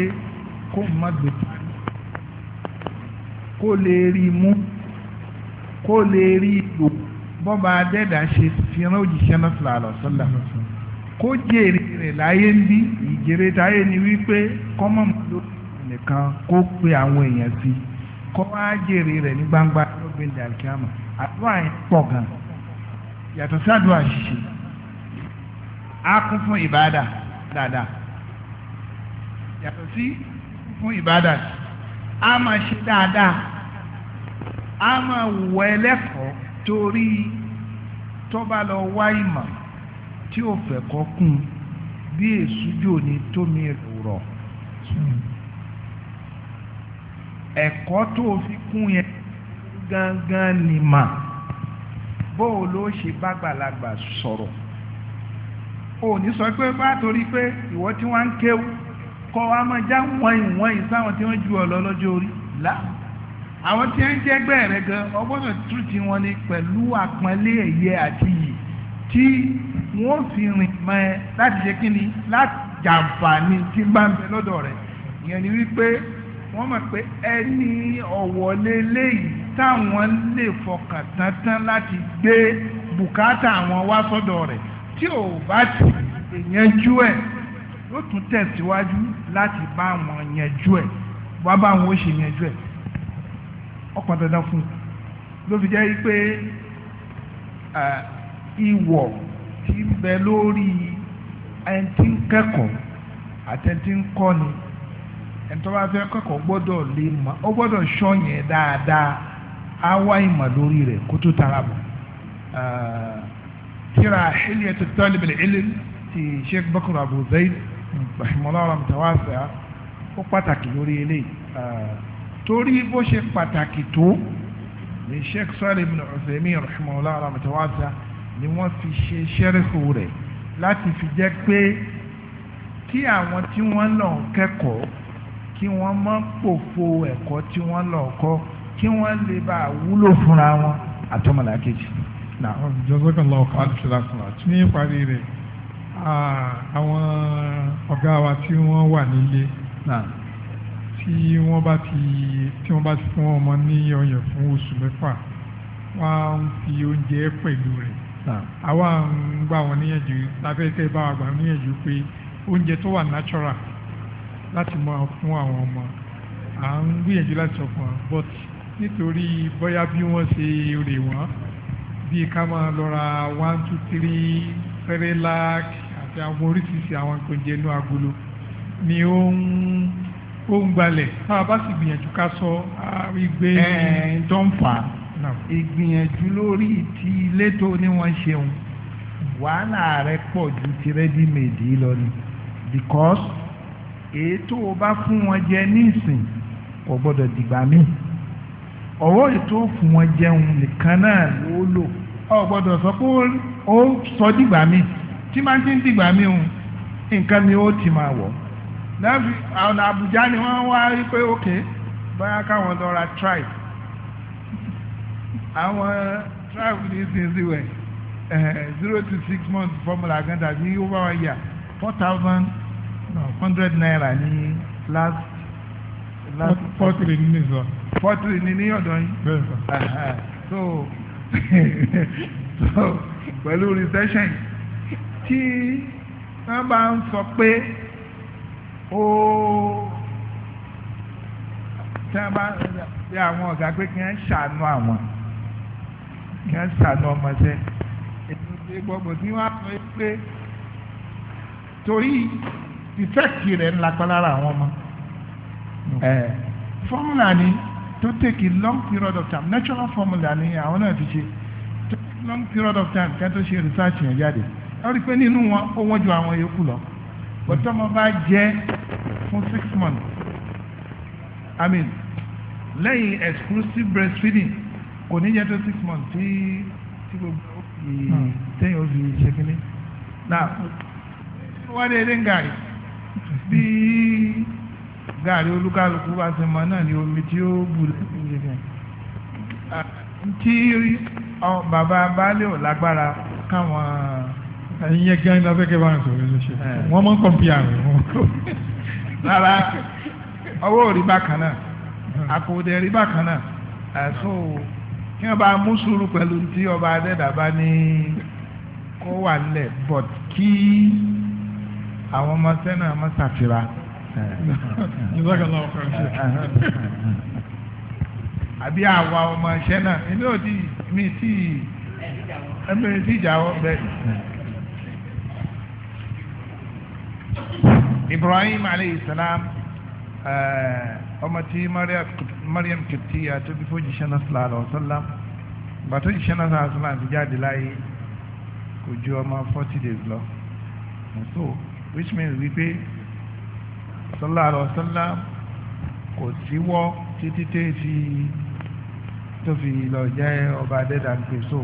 kó má gbé parí kó lè rí i mú kó lè rí ìlò bọ́ba adẹ́dà ṣe fi rán òjìṣẹ́ náà fìlà lọ sọ́là kó jèrè rẹ̀ láyé ń bí ìjèrè táyé ni wípé kọ́mọ̀ ló nìkan kó pe àwọn èèyàn sí kó wá jèrè rẹ̀ ní gbangba lóbin dàlkíámà àdúrà yẹn pọ̀ gan yàtọ̀ sí àdúrà ṣíṣe á kún fún ìbáàdà dáadáa yàtọ̀ sí fún ìbáàdà á máa ṣe dáadáa a máa wọ ẹlẹ́kọ̀ọ́ torí tọ́ba lọ wá ìmọ̀ tí ò fẹ́ kọ́ kún bí èsújò ní tómi rọ̀ ẹ̀kọ́ tó fi kún yẹn gangan ni mà bóò ló ṣe bá sọ̀rọ̀ o ní sọ pé bá torí pé ìwọ tí wọ́n ń kéwú kọ́ wa máa já wọ́n tí wọ́n ju ọ orí láàbù àwọn tí ń jẹ́ gbẹ̀rẹ̀ gan ọgbọ́dọ̀ tún ti wọn ni pẹ̀lú àpọ́nlé ẹ̀yẹ àti yìí tí wọ́n fi rìn mọ́ ẹ láti ṣe kí ni láti jàǹfààní tí ń bá ń bẹ lọ́dọ̀ rẹ̀ ìyẹn ni wípé wọ́n mọ̀ pé ẹni ọ̀wọ́ lélẹ́yìí táwọn lè fọkàn tán tán láti gbé bùkátà àwọn wá sọ́dọ̀ rẹ̀ tí ò bá ti yanjú ẹ̀ yóò tún tẹ̀síwájú láti bá wọn yanjú ẹ̀ wá bá wọn ó ṣe yanjú ẹ̀ ọ̀pọ̀ dandan fún ló fi jẹ́ pé ìwọ̀ tí ń bẹ lórí ẹni tí ń kẹ́kọ̀ọ́ àti ẹni tí ń kọ́ni ẹni tó bá fẹ́ kẹ́kọ̀ọ́ gbọ́dọ̀ lè mọ̀ ó gbọ́dọ̀ ṣọ́ yẹn dáadáa á wá ìmọ̀ lórí rẹ̀ kó tó tara bọ̀ tíra hilyatu talib al-ilm ti sheikh bakr abu zayd rahimahullah rahmatawasa ó pàtàkì lórí eléyìí torí bó ṣe pàtàkì tó ní sheikh sari ibn Uthaymin rahimahullah rahmatawasa ni wọ́n fi ṣe ṣẹ́rìfù rẹ̀ láti fi jẹ́ pé kí àwọn tí wọ́n lọ kẹ́kọ̀ọ́ kí wọ́n má pòfo ẹ̀kọ́ tí wọ́n lọ kọ́ kí wọ́n lè bá wúlò fúnra wọn àtọmọlá kejì. jazakallahu khairan ṣẹlẹsọlá tí ní ìparí rẹ̀ àwọn ọ̀gá wa tí wọ́n wà nílé tí wọ́n bá ti tí wọ́n bá ti fún ọmọ ní ọyàn fún oṣù mẹ́fà wọ́n á ń fi oúnjẹ pẹ̀lú rẹ̀ àwa ń gbà wọ́n níyànjú lábẹ́tẹ́ bá wa gbà níyànjú pé oúnjẹ tó wà natural láti máa fún àwọn ọmọ à ń gbìyànjú láti sọ fún wọn but nítorí bóyá bí wọ́n ṣe rè wọ́n bíi ká máa lọ ra one two three fẹ́rẹ́lá àti àwọn oríṣiríṣi àwọn ìpèjẹ inú agolo ni ó ń ó ń gbalẹ̀ tá a bá sì gbìyànjú ká sọ igbe. ẹ tó ń fà á ìgbìyànjú lórí ti ilé tó ní wọ́n ṣeun wàhálà rẹ pọ̀ ju ti ready made lọ ni because èyí tó o bá fún wọn jẹ nísìn kò gbọ́dọ̀ dìgbà míì ọwọ́ ètò fún wọn jẹun nìkan náà ló lò ọ gbọ́dọ̀ sọ pé ó sọ dìgbà míì tí máa ti ń dìgbà míì nǹkan mi ó ti máa wọ̀ náàfi àwọn Àbújá ni wọ́n wá rí pé òkè báyá káwọn lọ ra tribe àwọn tribe ní sinziwẹ̀ eh, zero to six months formula gan tàbí over one year four thousand no hundred naira ní last last forty ní sọ forty ní ní ọ̀dọ̀ yín so *laughs* so pẹ̀lú recession tí wọ́n bá ń sọ pé ó tí wọ́n bá bí àwọn ọ̀gá pé kí wọ́n ṣàánú àwọn kí wọ́n ṣàánú ọmọdé ètò ìgbọ̀gbọ̀ tí wọ́n á sọ pé torí ìfẹ́kì rẹ̀ ńlá palára àwọn ọmọ fọ́mùlà ni tó take a long period of time natural formula ni àwọn náà fi ṣe tó take a long period of time kí wọ́n tó ṣe research yẹn jáde wọ́n rí i pé nínú wọn ó wọ́n ju àwọn yòókù lọ bọ́tọ́mọ bá jẹ́ For six months i mean lẹ́yìn exclusive breastfeeding kò ní jẹ́ tó six months tí tí gbogbo hmm. tẹ́yìn ó fi ṣe kínní now wọ́n dé dé ń gàrí bí gàrí olúkálukú bá ti mọ náà ni omi tí ó bù lẹ́yìn tí bàbá baálé ò lágbára káwọn. ẹ̀yin yẹn gán ní abẹ́kẹ́ bá ń sọ̀rọ̀ ẹ̀ ṣe wọ́n mọ̀ ń kọ́ bí àrùn rárá ọwọ́ ò rí bákan náà àkòdè rí bákan náà àṣọ kí wọ́n bá mú sùúrù pẹ̀lú tí ọba adẹ́dàbá ní kó wà lẹ̀ but kí àwọn ọmọ sẹ́nà ọmọ ṣàfihàn. àbí àwa ọmọ iṣẹ́ náà èmi ò tí mi tí ẹ̀mí tí ìjà wọ́n bẹ́ẹ̀. Ibrahim alayhi salam uh, ọmọ tí Maryam kìtìyà tó bí fún jíṣẹ́ náà sallallahu Sallam, wasallam bàtó jíṣẹ́ náà sallallahu alaihi wasallam ti jáde láyé kò ju ọmọ forty days lọ so which means wípé sallallahu alaihi wasallam kò síwọ́ títí téèfì tó fi lọ jẹ́ ọba adẹ́dà ń pè so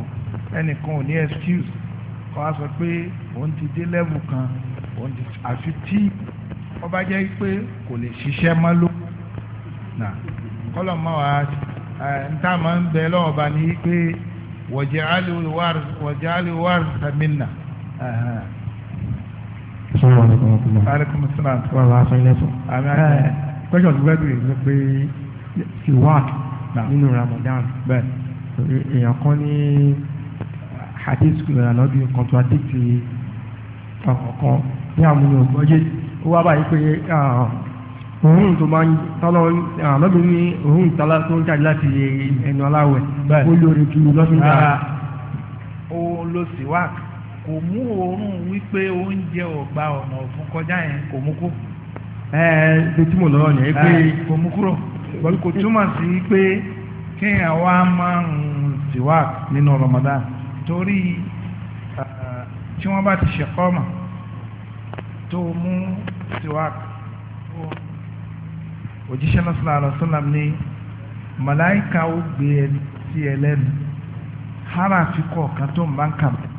ẹnìkan ò ní excuse kọ́ a sọ pé òun ti dé level kan òun ti àfi tí ó bá jẹ́ pé kò lè ṣiṣẹ́ mọ́ ló nà kọ́lọ̀ mọ́ wa níta máa ń bẹ lọ́wọ́ bá ní pé waj'al waritha minna. sọ́wọ́n alaikum warahmatullahi. alaikum assalam. wọ́n lọ aṣọ ilé sùn. àmì àṣẹ. pẹ́sọ̀ tó bẹ́ẹ̀ bèrè ni pé siwak nínú Ramadan bẹ́ẹ̀ èèyàn kan ní hadith kùnà lọ́dún kan tó adé ti ọ̀kọ̀ọ̀kan ní àmúlò bọ́jẹ́tì ó wá báyìí pé òórùn tó máa ń tọ́lọ́ àmọ́bí ní òórùn tọ́lá tó ń jáde láti ẹnu aláwẹ̀ ó lórí kí lọ́sùn dára. ó lọ sí wá kò mú òórùn wípé oúnjẹ ọ̀gbà ọ̀nà ọ̀fun kọjá yẹn kò mú kó. ẹ ẹ bí tí mo lọ́rọ̀ yẹn pé kò mú kúrò kò túmọ̀ sí pé kéèyàn wá máa ń síwá nínú Ramadan torí tí wọ́n bá ti ṣe mà tó mú siwak òjíṣẹ́ náà sallallahu alaihi wasallam ní màláìka ó gbé ẹni sí ẹ lẹ́nu hara àfikọ́ kan tó ń bá ń kà mọ́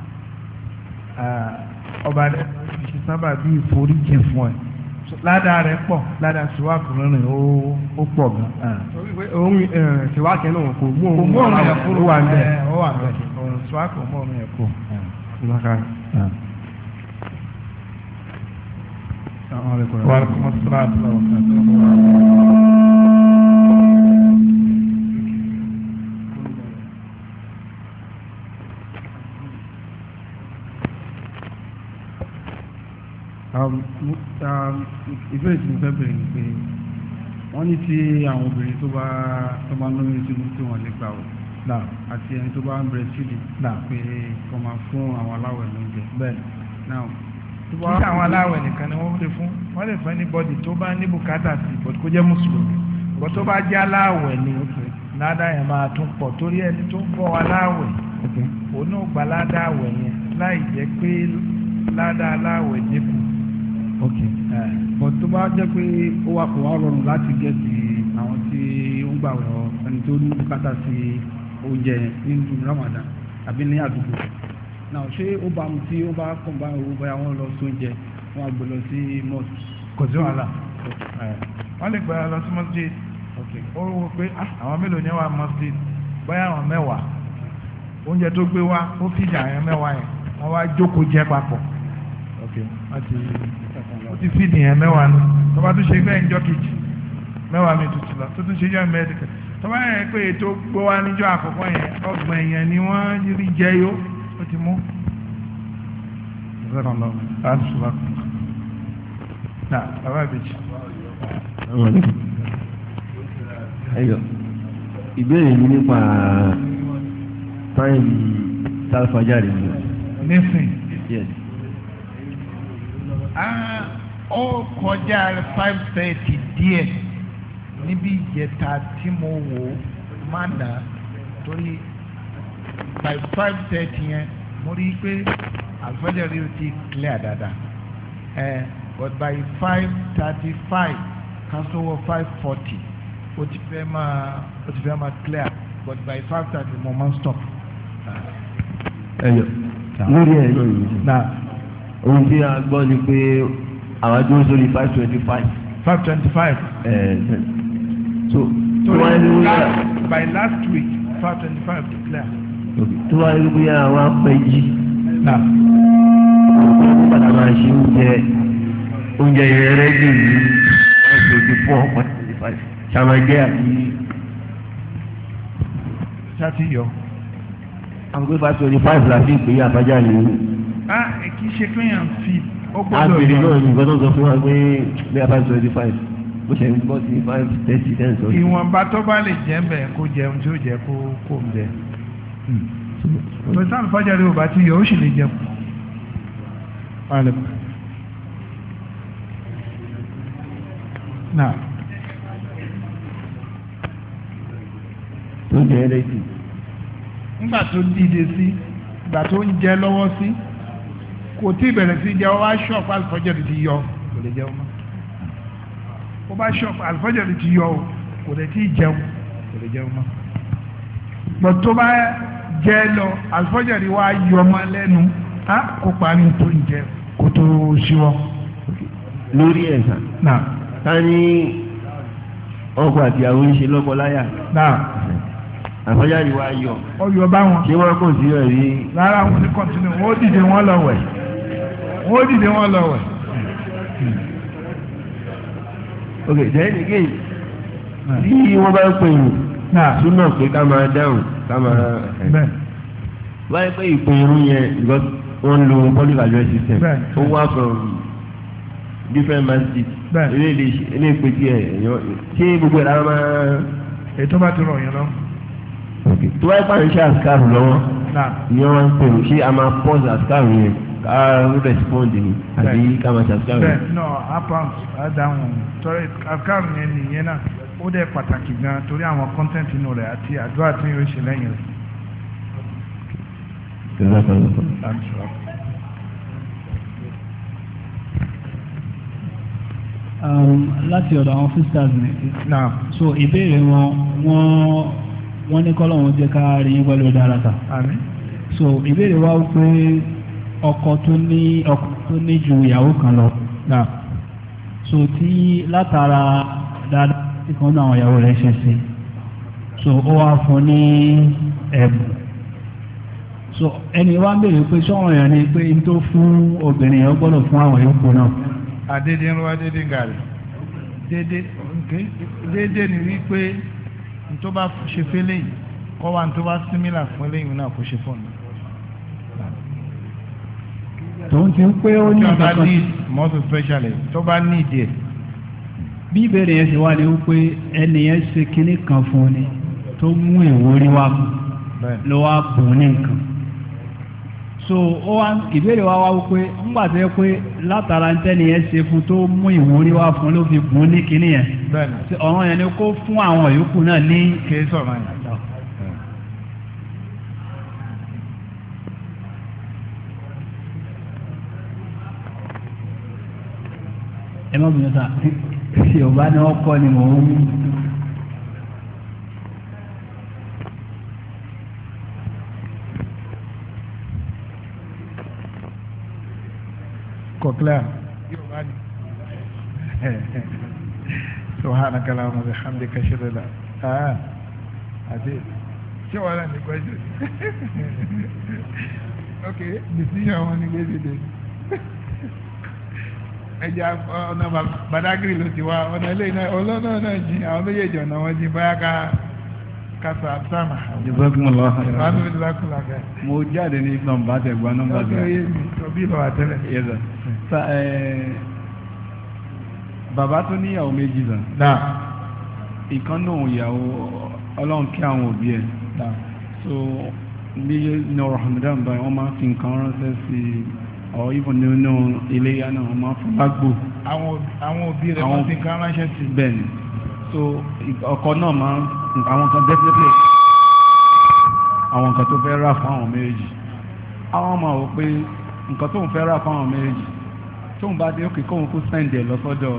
ọba rẹ̀ fi sábà bí ìforíjì fún ẹ ládàá rẹ̀ pọ̀ ládàá siwak rẹ̀ ó pọ̀ gan. òun siwak yẹn náà kò mú òun ọ̀rọ̀ yẹn kúrò wà ń bẹ̀ siwak kò mú òun yẹn kúrò. Um, um, ìbéèrè tí mo fẹ́ bẹ̀rẹ̀ ni pé wọ́n ní tí àwọn obìnrin tó bá tó máa ń lóyún sínú tí wọ́n lè gbà ó àti ẹni tó bá ń bẹ̀rẹ̀ sílẹ̀ pé kọ́ máa fún àwọn aláwẹ̀ lóúnjẹ. bẹ́ẹ̀ náà kí àwọn aláwẹ̀ nìkan ni wọ́n lè fún wọ́n lè fún anybody tó bá ní bukata sí but kó jẹ́ mùsùlùmí but tó bá jẹ́ aláwẹ̀ ni ládàá yẹn máa tún pọ̀ torí ẹni tó ń bọ̀ aláwẹ̀ òun náà gba ládàá yẹn láì jẹ́ pé ládàá náà ṣé ó bá mu tí ó bá kàn bá owó bóyá wọ́n lọ sóúnjẹ wọ́n á gbé lọ sí mosque. kò sí wàhálà wọ́n lè gbé lọ sí mosque ó wọ pé ah, àwọn mélòó ni wà mosque bóyá àwọn mẹ́wàá oúnjẹ tó gbé wá ó fìdí àwọn mẹ́wàá yẹn wọ́n wá jókòó jẹ papọ̀ ó ti fìdí yẹn mẹ́wàá nù tọ́ba tó ṣe bẹ́ẹ̀ níjọ́ kejì mẹ́wàá mi tuntun lọ tó tún ṣe jẹ́ mẹ́ẹ̀ẹ́dẹ́gbẹ̀ẹ́ tọ́ba yẹn pé ètò gbówá níjọ́ àkọ́kọ́ yẹn ọgbọ̀n èèyàn ni wọ́n rí jẹ́ yó ti mú ìfẹ́ràn lọ àdùsùlá kan náà bàbá ìbejì. ẹyọ ìbéèrè mi nípa táyìn tálfàjà rẹ ni. ah o kọjá five thirty dia níbi ìjẹta tí mo wò má dà torí by five thirty yẹn mo rí i pé àgbẹ̀lẹ̀ rí o ti clear dáadáa ẹ but by five thirty five kásánwó five forty o ti fẹ́ máa o ti fẹ́ máa clear but by five thirty mo máa ń stop. ẹ yọ lórí ẹ na ohun tí a gbọ́ ni pé àwọn dúró sórí five twenty five. five twenty five. ẹ so. so by last week five twenty five declare tó wá rí bóyá àwọn apẹ́jì ọ̀pọ̀ padà máa ṣe oúnjẹ oúnjẹ ìrẹ́rẹ́ jù ní ọ̀sẹ̀ ojú fún ọ̀pọ̀ ṣàmàjẹ́ àti ṣàtìyọ. àgbẹ̀ bá twenty five la fi ìpèyí àbájá ni. a kì í ṣe pé yàn fi ó gbọ́dọ̀ yọ. àgbèrè náà ní gbọ́dọ̀ sọ fún wa pé bí a bá twenty five bó ṣe ń bọ́ sí five thirty ten sọ. ìwọ̀nba tó bá lè jẹ́ bẹ́ẹ̀ kó jẹun tí ó jẹ́ kó kó ń bẹ́ẹ̀ pẹ̀sán hmm. àlùfájàre ò bá ti yọ lè jẹ lẹ́sìn. nígbà tó dìde sí ìgbà tó ń jẹ lọ́wọ́ sí kò tí ìbẹ̀rẹ̀ sí jẹ́ ọ bá ṣọ́ọ̀pù àlùfọ́jọ́rì ti yọ kò lè jẹun mọ́ ó bá ṣọ́ọ̀pù àlùfọ́jọ́rì ti yọ kò lè tí jẹun kò lè jẹun mọ́. bọ̀ tó jẹ lọ àlùfọ́jẹ̀rí wa yọ ọmọ lẹ́nu á parí tó ń jẹ kó tó ṣíwọ́. lórí ẹ̀sán. naa. ta ni ọkọ àti àwọn oníṣe lọ́kọláyà. náà àfọjáde wa yọ. ó yọ báwọn. wọn kò sí ẹ̀rí. rárá wọn ti wọn ó dìde wọn lọ wọn ó dìde wọn lọ ok jẹ́ ẹnìkéyìí tí wọ́n bá ń pè súnà pé ká máa dáhùn ká máa wáyé pé ìpè irun yẹn wọ́n lo public address system ó wá from different masjid eléyìí eléyìí pé tiẹ̀ ṣé gbogbo ẹ̀ lára máa. ètò bá ti rọ̀ yẹn lọ tó bá yẹ ṣe àsikáàrù lọ́wọ́ ìyẹn wọn pè ó ṣé a máa pause àsikáàrù yẹn ká respond ni àbí ká máa ṣe àsikáàrù yẹn. bẹ́ẹ̀ náà a pounce a dáhùn tọ́lẹ̀ àsikáàrù yẹn nìyẹn náà ó dẹ̀ pàtàkì gan torí àwọn content inú rẹ̀ àti àdúrà tí yóò ṣe lẹ́yìn rẹ̀. Um, láti ọ̀dọ̀ àwọn sisters ni so ìbéèrè wọn wọ́n wọ́n ní kọ́lọ̀ wọn jẹ́ ká rí yín pẹ̀lú dáradà so ìbéèrè wa pé ọkọ tó ní ọkọ tó ní ju ìyàwó kan lọ so tí látara dáadáa tí kan náà àwọn ìyàwó rẹ̀ ṣe sí so ó wá fún ní ẹ̀bùn so ẹni wá ń béèrè pé sọ́wọ́n yẹn ni pé n tó fún obìnrin yẹn ó gbọ́dọ̀ fún àwọn yòókù náà. àdédé ń wá dédé gàrí dédé dédé ni wípé n tó bá ṣe fẹ́lẹ́ yìí kọ́ wa n tó bá símílà fún eléyìí náà kó ṣe fún mi tòun ti pé ó ní ìgbà kan. tó bá ní ìdí ẹ̀ bí ìbéèrè yẹn ní wípé ẹnìyẹn kan fún ni tó mú ìwúrí wá kù ló wá so ó wá ìbéèrè wa wá wípé ńgbà tó yẹ pé látara ń tẹ́nìyẹn ṣe fún tó mú ìwúrí wá fún ló fi bùn ní kinní yẹn ọ̀ràn yẹn ni kó tí ò bá ọkọ ni mò ń mú. kọ̀kílá subhanaka allahumma wa bihamdika ashhadu an la ah ade ṣé wàhálà ní question *laughs* ok decision wọn ni gbèsè dé ẹja ọ̀nà Badagry ló ti wá ọ̀nà ilé iná ọlọ́nà náà jìn àwọn méjèèjì ọ̀nà wọn jìn báyà ká kásá àbúsámà. mo jáde ní nọ́mbà tẹgbọn nọ́mbà tẹ. ọdún yé mi tọbí lọ wà tẹ́lẹ̀. bàbá tó níyàwó méjì sàn. ìkan náà ìyàwó ọlọ́run kí àwọn òbí ẹ̀. so bí nọ̀rọ̀ hàmìdá ń báyìí wọ́n máa ń fi nǹkan ránṣẹ́ sí i or even nínú iléyà náà wọ́n máa fún lágbo. àwọn òbí rẹ̀ wọ́n ti kán ránṣẹ́ sí. bẹ́ẹ̀ni so ọkọ náà máa ń àwọn kan definitely àwọn nǹkan tó fẹ́ rà fún àwọn méjì àwọn ọmọ wò pé nǹkan tóun fẹ́ rà fún àwọn méjì tóun bá dé òkè kóun kó sẹ́ǹdì ẹ̀ lọ́sọ́dọ̀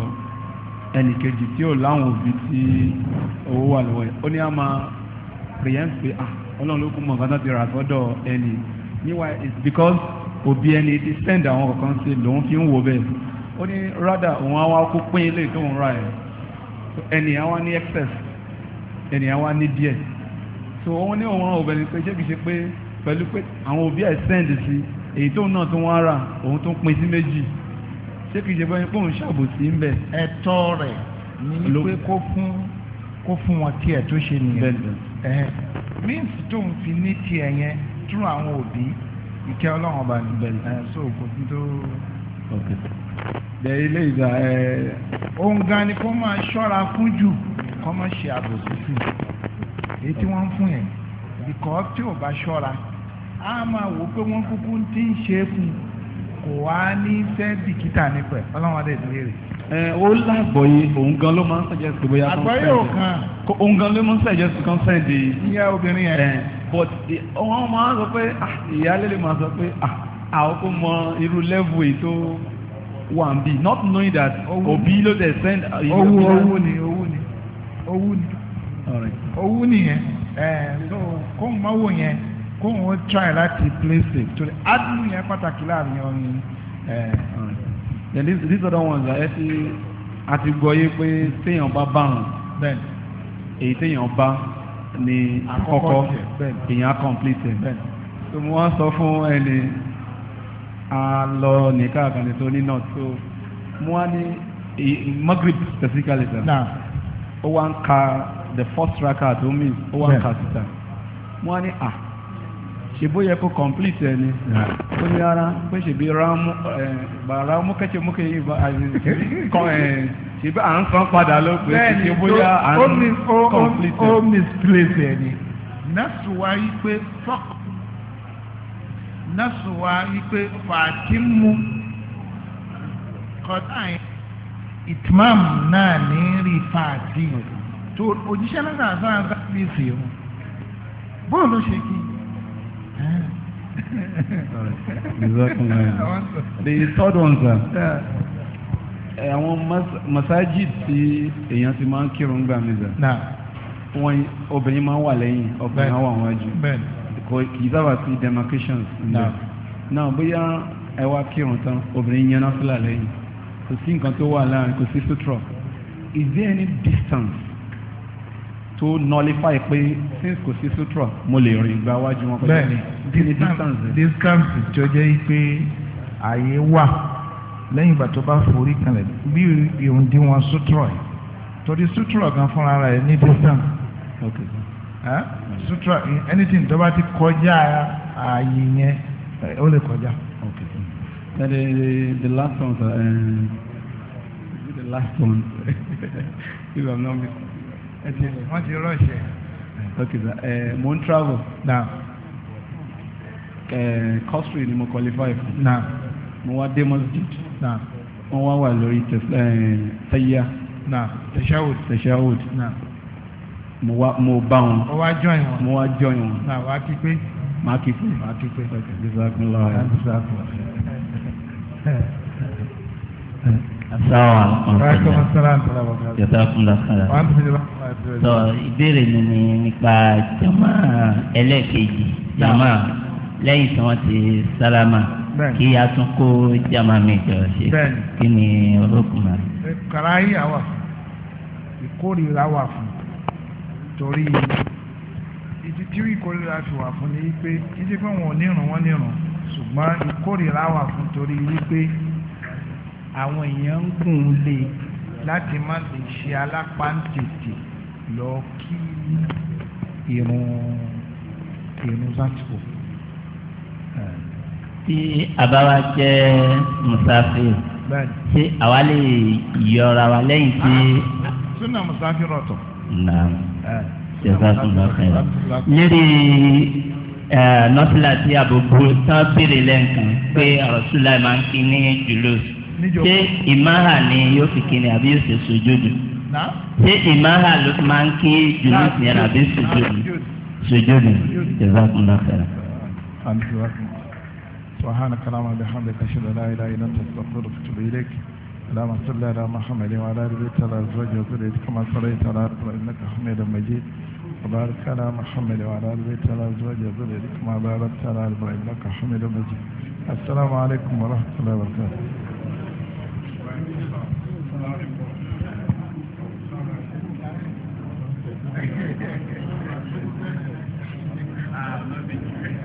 ẹnì kejì tí ò láwọn òbí tí owó wà lọ́wọ́ ẹ̀ ó ní a máa pèyẹ́ ń ah ọlọ́run ló kún mọ̀ nǹkan tó ti rà sọ́dọ̀ ẹnì níwáyé it's because òbí ẹni ti send àwọn kan sí lòun fi ń wò bẹ́ẹ̀ ó ní rádà òun àwọn akó pín ilé tó ń ra ẹ̀ ẹni àwọn ní excess ẹni àwọn ní díẹ̀ so òun ní òun obìnrin pé ṣébi ṣe pé pẹ̀lú pé àwọn òbí ẹ̀ send sí èyí tóun náà tó wọ́n rà òun tó pín sí méjì ṣé kìí ṣe báyìí pé òun ṣàbòsí ń bẹ̀. ẹ̀tọ́ rẹ̀ ni pé kó fún kó fún wọn tiẹ̀ tó ṣe nìyẹn means tóun fi ní tiẹ̀ yẹn tún àwọn òbí ìkẹ́ ọlọ́run ọba ní ẹ̀ so kò sí tó bẹ ilé ìgbà ẹ̀ ohun gan ni kó máa ṣọ́ra fún jù kó máa ṣe àbòsí sí èyí tí wọ́n ń fún yẹn ìkọ́ tí ò bá ṣọ́ra á máa wò pé wọ́n kúkú ti ń ṣe é fún kò wá ní fẹ́ bìkítà nípa ẹ̀ ọlọ́run adé ìdílé rẹ̀ ó lágbọ̀yé òun gan ló máa ń sẹ̀jẹ̀ sí bóyá consent òun gan ló máa ń sẹ̀jẹ̀ sí consent di ìyá obìnrin yẹn but wọ́n máa sọ pé ah, ìyáálé lè máa sọ pé ah, àwọn kò mọ irú level èyí tó wà ń bì not knowing that òbí ló dẹ̀ send. owó owó ni owó ni owó ni owó nìyẹn so kóun máa wò yẹn kóun ó try láti play safe torí adùn yẹn pàtàkì láàrin ọ̀run. then these, these other ones are ẹ ti àti gbọ́ yé pé téèyàn bá bá wọn èyí téèyàn bá ni àkọ́kọ́ èèyàn complete ẹ̀ so mo wá sọ fún ẹni a lọ nìka àkàndé tó ní north so mo wá ní Maghrib specifically sir ó wá ń ka the first raka tó mi ó wá ń ka síta mo wá ní à ṣèbó yẹ kó complete ẹni ó ní ara pé ṣèbí ra mú kẹ́kẹ́ mú kẹ́yìn eh, kọ́ ẹ̀. Eh, ṣebí à ń san padà ló pé ṣe bóyá à ń complete. ó misplace ẹ̀ ni. nọ́ọ̀sì wa yí pé fọ́k nọ́ọ̀sì wa yí pé fàtímù kọ́tà ìtìmáàm náà ní rí fàtímù tó òjíṣẹ́ náà sáà sáà bí sí o bóun ló ṣe kí. *laughs* The third one, sir. Yeah àwọn masajid tí èèyàn ti máa ń kírun gbà mí wọn obìnrin máa ń wà lẹ́yìn ọkùnrin máa wà wájú kò kì sábà sí demarcations náà bóyá ẹ wá kírun tán obìnrin yẹn náà fúlà lẹ́yìn kò sí nǹkan tó wà láàrin kò sí sutura is there any distance to nullify pé since kò sí sutura mo lè rìn gba wájú wọn kọjá ní distance. distance tó jẹ́ pé ààyè wà lẹ́yìn ìgbà tó bá forí kanlẹ̀ bí ìhun dín wọn torí sútúrọ̀ gan fúnra ara ní distance sútúrọ̀ anything tó bá ti kọjá ààyè yẹn ó lè kọjá. The, the last one, uh, the last one, *laughs* if I'm not mistaken. Wọ́n ti rọ̀ṣẹ̀. Okay, sir. Uh, mo travel. Now. Uh, eh, country ni mo qualify Now mo wá dé masjid wọ́n wá wà lórí tẹ̀yà eh, tashahud tashahud mo bá wọn mo wá join wọn mo wá join wọn wàá kí pé màá kí pé màá kí pé bisakunla sọ ìbéèrè mi ni nípa jama ẹlẹ́ẹ̀kejì jama lẹ́yìn tí wọ́n ti sálámà kí a tún kó jama mi jọ ṣe kí ni olókùn máa. kàráyà wà ìkórìíra wà fún torí ìdí tí ìkórìíra fi wà fún ni wípé títí pé wọn ò nírun wọn nírun ṣùgbọ́n ìkórìíra wà fún torí wípé àwọn èèyàn ń gùn ún lé láti má lè ṣe alápá ń tètè lọ kí irun irun sásìkò tí àbáwá jẹ́ musafir ṣé àwa lè yọra wa lẹ́yìn tí. súnà musafir ọ̀tọ̀. naam ṣèkà súnà fẹ́rẹ̀. lérí nọ́sílà tí àbòbò tán béèrè lẹ́ǹkan pé àròsúlà máa ń kí ní jùlọ ṣé ìmáhà ni yóò fi kí ni àbí yóò ṣe sojúdu ṣé ìmáhà ló máa ń kí jùlọ sí yẹn àbí sojúdu sojúdu ṣèkà súnà fẹ́rẹ̀. سبحانك اللهم وبحمدك اشهد ان لا اله الا انت استغفرك واتوب اليك اللهم صل على محمد وعلى ال بيت على ازواج وذريته كما صليت على ال انك حميد مجيد وبارك على محمد وعلى ال بيت على ازواج وذريته كما باركت على ال انك حميد مجيد السلام عليكم ورحمه الله وبركاته Thank *laughs* you.